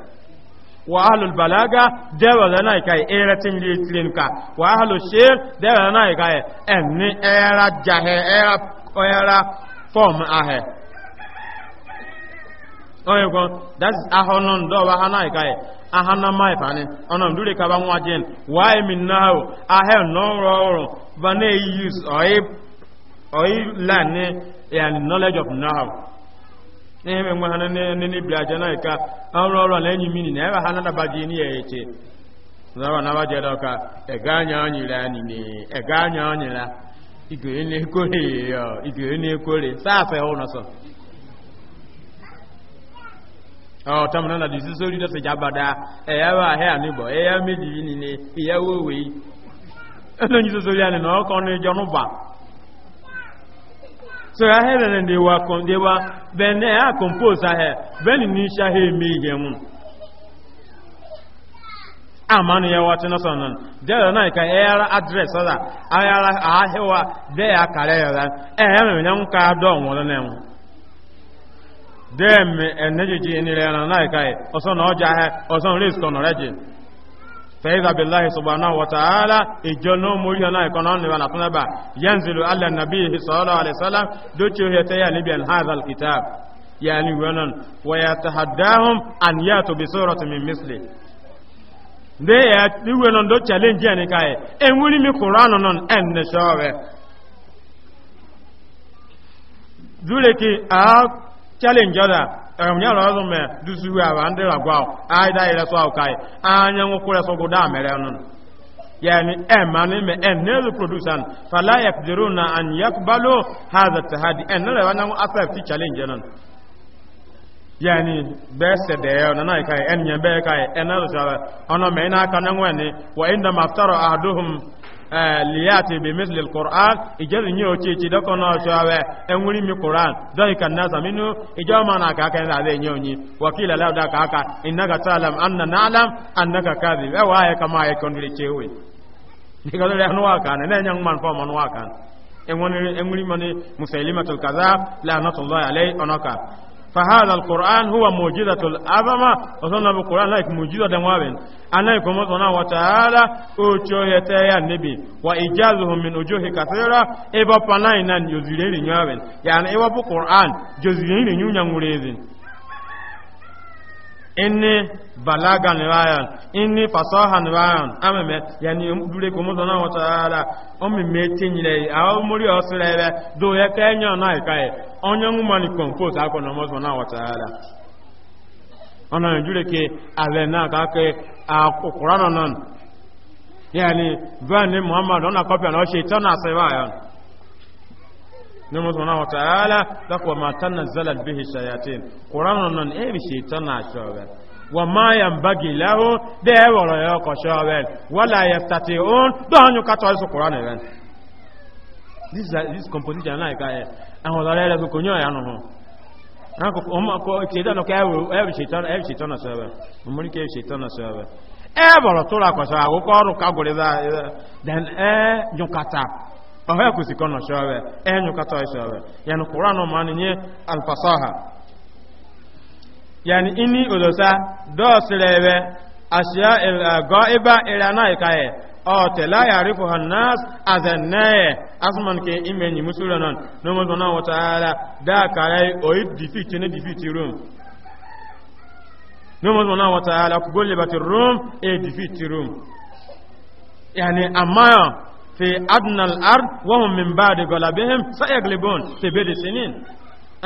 wa alu balaga dɛwɛ yɛ n'ayi ka yi ɛrɛ timiri ka wa alu seer dɛwɛ yɛ n'ayi ka yi ɛni ɛra era ɛra ɛra fɔm ahɛ oye kɔn dasi ahɔnɔn dɔw b'a hana yi ka yi ahana ma yi fani ɔnɔ duli kaba ŋwajin waa yi mi naa o ahɛ nɔɔrɔ o. vane use oyi oyi learn eh, and knowledge of now ne me ngwa hana ne ne ni na ka enyi mini na eba hana na baji ni na baje da ka e ga anya anyi la ni ni anya anyi la ọ tamana na jabada e ya ba he ya ẹnu nyi soso yanni na ọkọ ni so ahẹ́rẹ́ rẹ̀ ndé wa kọ́ ndé wa bẹ́ẹ̀ ní ẹ̀ compose ahẹ́ bẹ́ẹ̀ mi yẹ mu yẹ wa na sọ nan náà ka ẹ̀ yára address ọ̀la ayára wa bẹ́ẹ̀ yà yàrá ẹ̀ ẹ̀ mẹ̀mẹ̀ ní ká dọ̀ wọ́n lọ́nà ẹ̀ mu dẹ́ẹ̀ mẹ̀ ẹ̀ nẹ́jẹ̀jẹ̀ ẹni rẹ̀ náà ka náà ọjà فإذا بالله سبحانه وتعالى إجنو مريو ناي كونون لي ونطلبا ينزل على النبي صلى الله عليه وسلم دوتشو هيتيا نبيا هذا الكتاب يعني ونن ويتحداهم أن يأتوا بصورة من مثله de ya iwe non do challenge ya ni kai enwuri mi qur'an non en ne showe dure ki a challenge da ẹ̀rọ̀mùnyà lọ́wọ́ sọ mẹ́ dùsù wẹ̀ àwọn àndé làgbà ọ̀ àìdá ilẹ̀ sọ àwùká yìí ààyè ń kúrẹ́ sọ gòdà mẹ́rẹ́ ní mẹ ẹ ní ẹlò producer na ànyẹkùbálò hazard tahadi ẹ nílẹ̀ wọn náà accept challenge náà yẹni bẹ́ẹ̀ sẹ̀dẹ̀ ẹ̀ nana ìka ẹ̀ ẹ̀ nìyẹn bẹ́ẹ̀ ká ẹ̀ ẹ̀ náà lọ́sọ̀rọ̀ ọ̀nà mẹ́rin liyati bi misli alquran ijeri nyo chichi doko no shawe enwuri mi quran doi kan nasa minu ijo mana ka ka na le nyo ni wakila la da ka ka innaka talam anna na'lam annaka kadhib e waye kama ye kondri chewe ndigalo le anu aka ne nyang man fo man waka enwuri enwuri mani musailimatul kadhab la natullahi alai onaka فهذا القرآن هو موجزة الأبما وصلنا بالقرآن لايك موجزة دموابين أنك مصنع وتعالى أوتيه تيا النبي وإجازهم من وجوه كثيرة إبا فنائنا يزيلين نيوابين يعني إبا بالقرآن جزيلين نيوابين inni balagan riwayan inni fasahan riwayan ameme yani dure ko muzo na wata ala o mi meti nyire a o muri o sirebe do ye ka enyo na ikai onye nguma ni compose akọ na muzo na wata ala ona dure ke ale na ka ke a qur'an non yani vani muhammad ona copy na o shaitan na sirwayan numu sɔnna wa taala lakɔ ma tan na zala bihi shayatin kuran nɔ e bi shaitan na sɔɔbɛ wa ma yan bagi lahu de e wɔrɔ yɔ kɔ sɔɔbɛ wala ya tati on dɔn yu ka tɔ su kuran this this composition na yi ka yɛ an wɔlɔ yɛrɛ bi ko nyɔ yan nɔ hɔn an ko o ma ko shaitan nɔ kɛ e bi shaitan e bi shaitan na sɔɔbɛ o mori ke ọhịa kwesịkọ nọ shọwe enyụkata shọwe yani kuran ma ni nye alfasaha yani ini olosa dọsirebe ebe ilagọ iba agọ ịba ọtẹlá ka fún hannas azẹ̀nẹ́ẹ̀ asman ke imenyi musulun nan ní enyi ìgbọ̀nà wata ara dákàrẹ oyi dìfìtì ní dìfìtì rome ní ọmọ ìgbọ̀nà ara kúgbó lè bàtí rome a dìfìtì fi adnal ard wọ́n min bá di gọlabihim sayaglibon fi bèdè sinin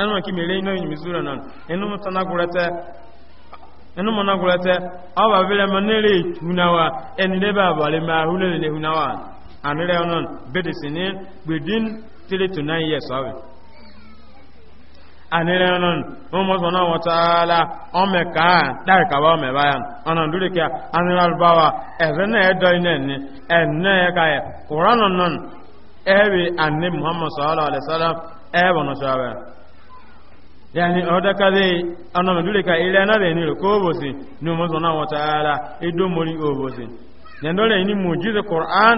ẹnu kí mèrè iná yìí misúra náà inú sanagurẹtẹ inú mọnagurẹtẹ ọba bílẹ̀ mọ nílẹ̀ ìtunawa ẹni lẹ́bàá àbọ̀lẹ̀ máa húlẹ̀ lẹ́hunawa ànílẹ̀ ọ̀nà bèdè sinin gbèdín three to nine years ọ̀rẹ́. anere non umma sona wa taala o me ka da ka ba me ba yan ana ndure ke anira bawa ezene edo inenni enne ka e qur'an non ebi anne muhammad sallallahu alaihi wasallam e bono shabe yani oda kale ana ile na be ni ko bosi ni umma sona wa edo obosi nendole ni mujize qur'an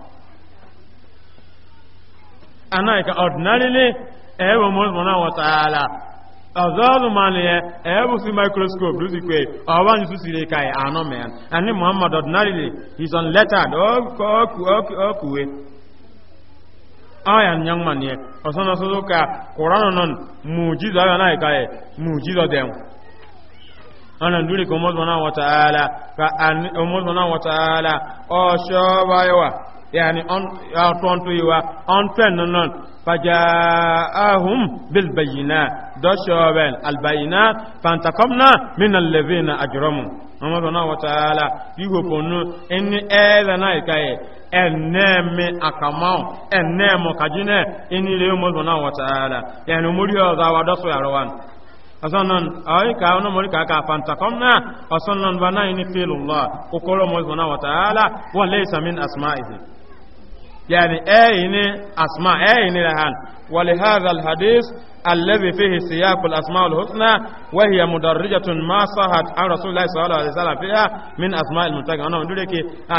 anaghịkwa ordinarily ebe mụrụ na wọtala ọzọ ọzụmanụ ya ebe si mikroskop rụzikwe ọwa nsu siri ka ya anọ mee anyị muhammad ọdịnarịlị is unlettered okuwe ayan yang man ye osana so ka qur'an non mujiza ya nai kai mujiza dem ana nduri ko mo wa ta'ala ka an mo wa ta'ala o shoba yawa yani on ya tonto yiwa on fen non fajaahum bil bayina do shoben al bayina mina min allazina ajramu amma dona wa taala yiwo ponu en ela na ikaye eneme akamao enemo kajine eni le mo dona wa taala yani muri o za wa do so yarwan asanan ay ka ono mori ka ka fantakamna asanan bana ini filullah kokoro mo dona wa taala wa laysa min asma'ihi يعني أين أسماء أين لهان ولهذا الحديث الذي فيه سياق الأسماء الحسنى وهي مدرجة ما صحت عن رسول الله صلى الله عليه وسلم فيها من أسماء المتقين أنا أقول لك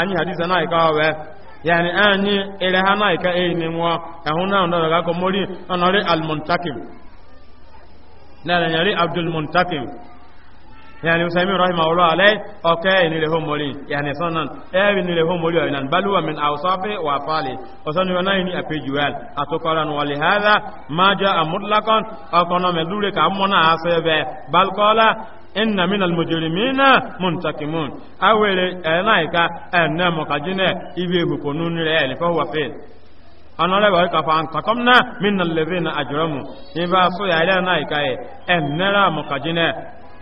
أني حديثنا يقاوه يعني أني إلهنا يقا أين موا هنا نرغاكم مولي أنا لي المنتقم لا لا عبد المنتقم yani usaimin rahimahullah alai okay ni le homoli yani sonan ebi ni le homoli wa inan baluwa min awsafi wa fali osan yo nai ni apejual atokaran wa li hadha ma jaa mutlaqan akono me dure ka mona asebe bal qala inna min almujrimina muntakimun awere enaika enna mokajine ibe hukunu ni re ni fa huwa fil anọlẹ wọ ka fan kakom na min na lebe na ajuramu ni ba so ya ile na ikaye ẹnẹra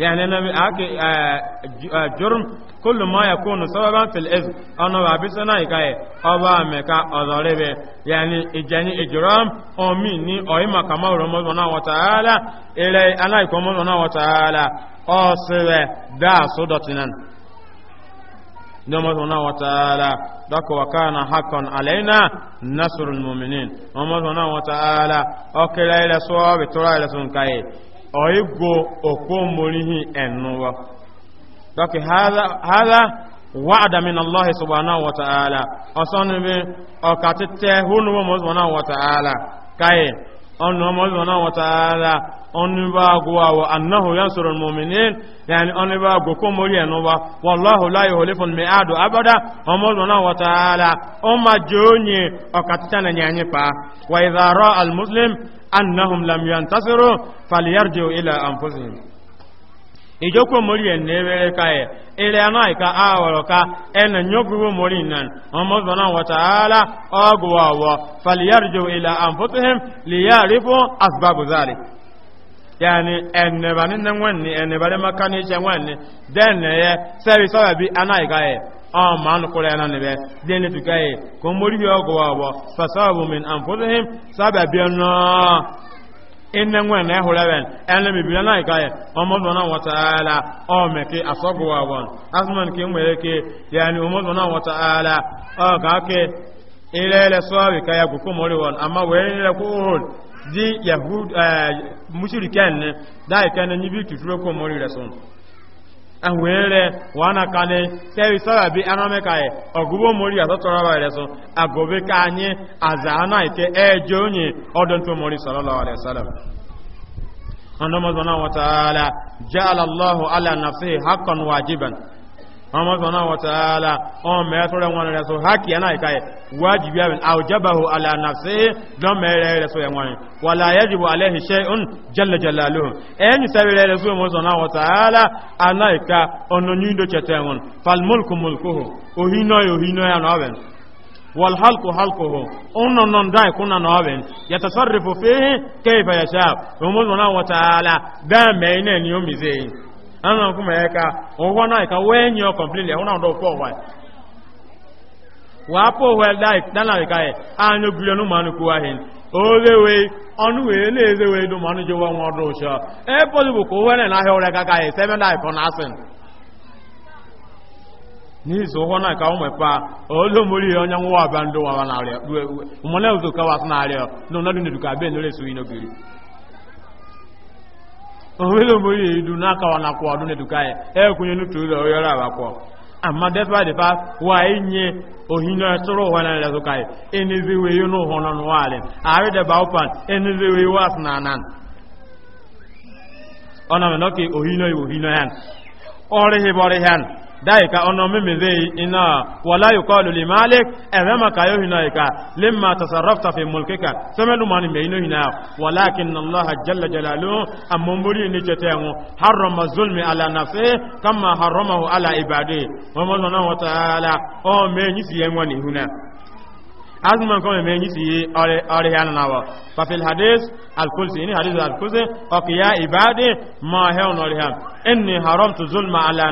يعني أنا أك جرم كل ما يكون سببا في الإذ أنا بابسنا يكاي أبا مكا أضرب يعني إجاني إجرام أميني أيما كما رمضان وتعالى إلى أنا يكون رمضان وتعالى أصل دا صدتنا Nyɔma sɔnna wa taala dɔkɔ wa kaana hakɔn aleyna nasurul muminin. Nyɔma sɔnna wa taala ɔkɛlɛ yɛlɛ sɔɔ oigo okomorihi enuwa dọkị haala wa'ada min Allah subhanahu wa ta'ala ọsọ ni bi ọkatite hunuwa subhanahu wa ta'ala kaye ọnụ ọmọdụ na wọtara ọnụ ba agụwawo annahu ya soro muminin yani ọnụ ba agụkọ mori ẹnuwa wọlọhụ láyé holifon mi adụ abada ọmọdụ na wọtara ọma ji onye ọkatịta na nyanye pa wa izarọ al-muslim annahum lam yantasiru falyarjiu ila anfusihim ijokwe mori en nebere kae ile ka aworo ka en nyogu mori nan amma zana wa ta'ala agwa ila anfusihim liyarifu asbabu zalik yani eneba ni ne nwanni eneba le maka ni che nwanni den ya seri so bi ana ka e ọ ma nebe inna na hula na ele mi na na wa taala o me ke asogo wa won asman ke ngwe ke yani omo na wa o ga ke ile ile sawi kaya ku ko amma we ile ku di yahud eh, mushrikan da ko awere wana kane tewi sara bi aname ọgụgụ mori ato tora ba reso agobe ka anyi azana ike ejo onye odon to mori sallallahu alaihi wasallam anama zana wa ta'ala ja'ala Allahu ala nafsihi haqqan wajiban ọmọdún náà wọ̀tàálà ọmọ mẹ́tọ́rẹ wọn rẹ̀ sọ hákì ẹ̀nà ìkáyẹ̀ wájìbí àwẹ̀ àwùjábàhù alànàfẹ́ lọ́mẹ́rẹ̀ rẹ̀ sọ ẹ̀wọ̀n rẹ̀ wà láyẹ́jìbò alẹ́hìṣẹ́ ń jẹ́lẹ̀jẹ̀lá lóhùn ẹ̀yìn sẹ́rẹ̀ rẹ̀ sọ ọmọdún náà wọ̀tàálà aláìka ọ̀nà yíndó chẹtẹ wọn falmulku mulkuhu ohino ohino ya nọ́ọ̀bẹ̀n والحلق حلقه أن ننداي كنا نوابن يتصرف فيه كيف يشاء ومولنا وتعالى دام بين يوم زين ana kuma ya ka ụgwọ na ka wee nye kọmplit ụna ụdọ kwọ ụwa wàá pò wẹ dáná ìka yẹ àánú gbìlẹ̀ ní màánú kú wáhìn olówé ọdún wèé lè léwé ní màánú jẹ́ wọn ọdún ṣọ ẹ pọ́sibù kó wẹ́rẹ̀ náà hẹ́ ọ̀rẹ́ kaka yẹ sẹ́fẹ́ náà ìfọ́n náà sìn ní ìṣòwò náà ìka ọmọ ẹ̀fà olómórí ọ̀nyẹ́ wọn wà bá ń dún wọn wọn náà rẹ̀ ọmọlẹ́wọ̀n tó owele omori eidu n'akawa na kwa ọdún ẹ̀dùká ẹ̀ ẹ̀kùnye ní tòrò ọ̀yọ́rọ̀ àwàpọ̀ àmà despite the fact wà ìyẹ òhìnà ẹ̀sọ́rọ̀ wà náà ẹ̀dùká ẹ̀ daika ono mimi zai ina wala yuqalu li malik azama ka yo hina ika limma tasarrafta fi mulkika samelu mani me ino hina walakin allah jalla jalaluhu amumuri ni chetengu harrama zulmi ala nafsi kama harramahu ala ibadi wa mawlana wa ta'ala o me nyisi yenwani huna azman kome me nyisi ore ore yana nawo fa fil hadith al kulsi ni hadith al kulsi o zulma ala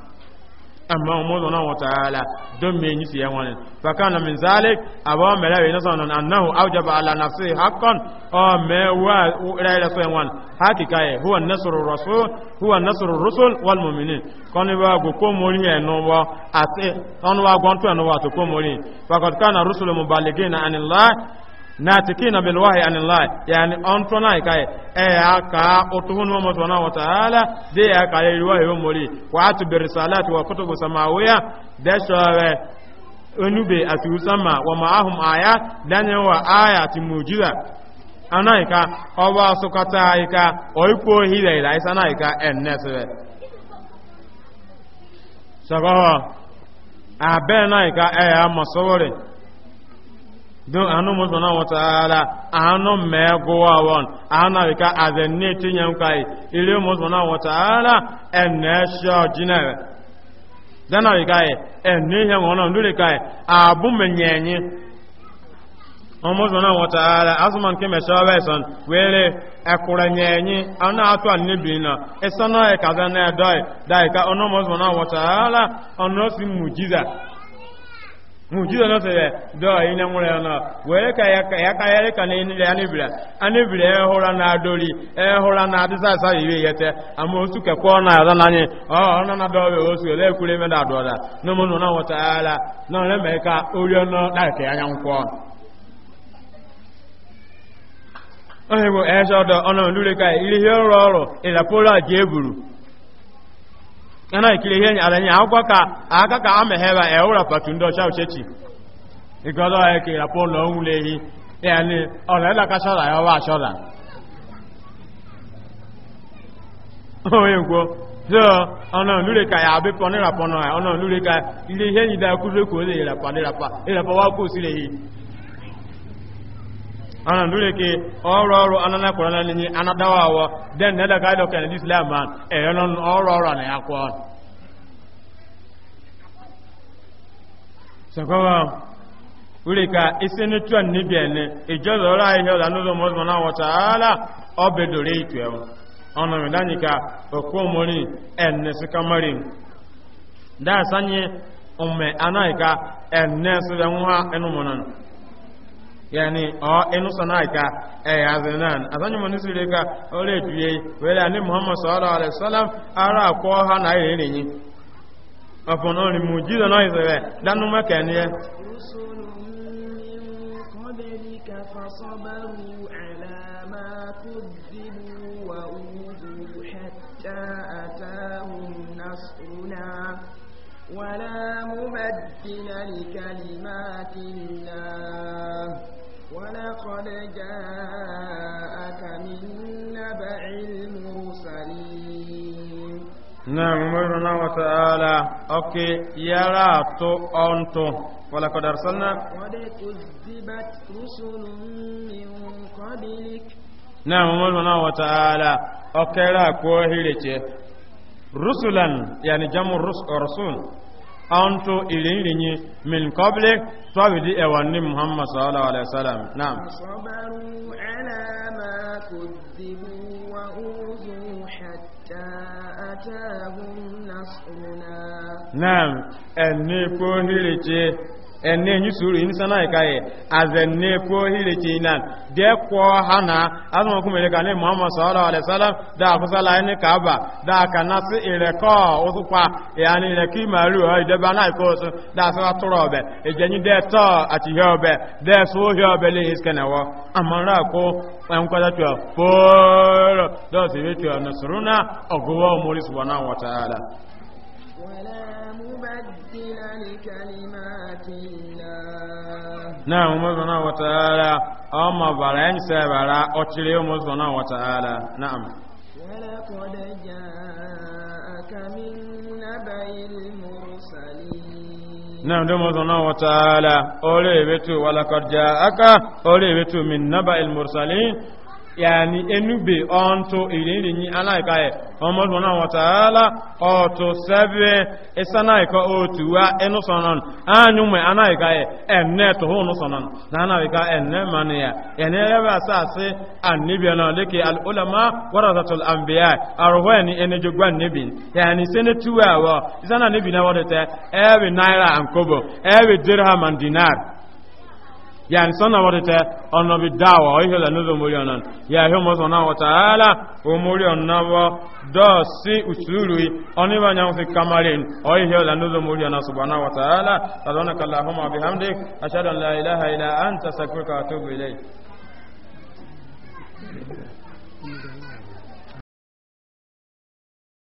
amma mu na wa ta'ala don me yi siyan wani fa kana min zalik abu mala wa nasa nan annahu awjaba ala nafsi haqqan o me wa ira ira so wan hakika ye huwa nasru rasul huwa nasru rusul wal mu'minin kon wa go ko mori e no wa ate on wa gonto e no wa to ko mori fa kad kana rusul muballigina anillah na ati keenanam luwahi ala nla ya n ọ ntụọ na ayika ya eya aka otu hu na na ọ wa taara de ya aka luwahi ụmụ wa atụbere wa foto gbasama awụ ya de shọve onube atụwịsa ma ụmụ ahụhụ a ya danyewo a atụ mụjiza. ana ayika ọ bụ asụsụ kata ayika oe ku ohi na iraisa na ayika ndesre. chabahụ abe na ayika a ma sọọrọ don anu mo sona wa taala anu me go wa won ana ka azen ne tinyan kai ile mo sona wa taala enne sho jinere dana ka e, enne he won on dure kai abu menyenye ọmọ sọ̀nà wọ̀ta ààrẹ asùmọ̀n kí jiza. mujiza no sɛ dɔ ina nɔ wɛrɛ ka ya ka ya ka ne nilɛ bila bila e ɛ na dori ɛ e na adi saa saa yɛtɛ ama kɛ na yɛrɛ na ɔ ɔnana na dɔw bɛ osu yɛ lɛ kure mɛ da dɔ da ne mu na lɛ mɛ ka nɔ na kɛ ya nyɛ kɔɔ. ɔn ebo ɛsɛ dɔ ɔnɔ nure ka ili hɛ ana ikiri ihe nyara anyị akwụkwọ ka aka ka a megheba ewura patu ndị ọcha uchechi ịgọdọ ya ke rapụ ụlọ nwụrụ ehi ya ni ọla ka shọra ya ọwa shọra onye kwuo ka ya ka ihe nyida ana ndure ke ọrụ ọrụ anana kwara na ninyi anadawa awọ den na daga idoka na islam man eyo non ọrụ ọrụ na yakwa sakawa ure ka isi ni tuan ni bien ni ijo e, lo ra ihe la nuzo mo mo na wa taala obedore itwe ona mi dani ka okomori enne sikamari da sanye ume anaika enne sura nwa enu monan yani o enu sanaika e azanan azanyu manisire ka ore duye wele ani muhammad sallallahu alaihi wasallam ara ko ha na ire ni afon ori mujiza na isere danu maka ni e ولا مبدل لكلمات الله ولقد جاءك من نبع المرسلين نعم الله وتعالى أوكي يرى تو أنتو ولقد أرسلنا قد كذبت رسل من قبلك نعم الله وتعالى أوكي لا كوهيرتي rusulan yani jamu eh, rasul anto ilinlinyi min qabli tawidi ewani muhammad sallallahu alaihi wasallam na'am sabaru ala ma kudzibu wa uzu hatta atahum nasruna na'am enne ko hirice ene nyi suru ini sana ikaye azenne ko hile chinan de ko hana azuma kuma ile kane muhammad sallallahu alaihi wasallam da kusala ni kaaba da si ire ko usupa yani e ire ki maru o de bana ko so da so atorobe ejenyi de to ati hiobe de so hiobe le iskana wo amara ko enkwada tu poro do si vitu nasruna ogowo muri subhanahu wa ta'ala wala مبدل لكلمات الله نعم مزنا وتعالى أما بلين سبرا أتلي مزنا وتعالى نعم ولقد جاءك من نبي المرسلين نعم دم زنا وتعالى أولي بتو ولقد جاءك أولي بتو من نبي المرسلين yani enube onto irinrin ni alaika e ọmọ ọdún náà wọ̀tàálá ọ̀tọ̀ sẹ́bẹ̀ ìsanáìkọ otu wa ẹnu sọ̀nà ányúmọ̀ anáìka ẹ̀ ẹ̀nẹ́ tòhónú na nánáìka ẹ̀nẹ́ mania ẹ̀nẹ́ rẹ̀wẹ̀ sáàsì àníbìyàn náà lékè al'ulama wọ́rọ̀tàtùl àmbìyà àrùwọ̀ ẹni ẹni dirham and dinar yani sona wadete ono bi dawa o ihela nuzo muri onan ya hiyo mo sona wa taala o muri onawo do si usuru oni ba nyam fi kamarin o ihela nuzo muri onan subhanahu wa taala subhanaka allahumma bihamdik ashhadu an la ilaha illa anta astaghfiruka wa atubu ilayk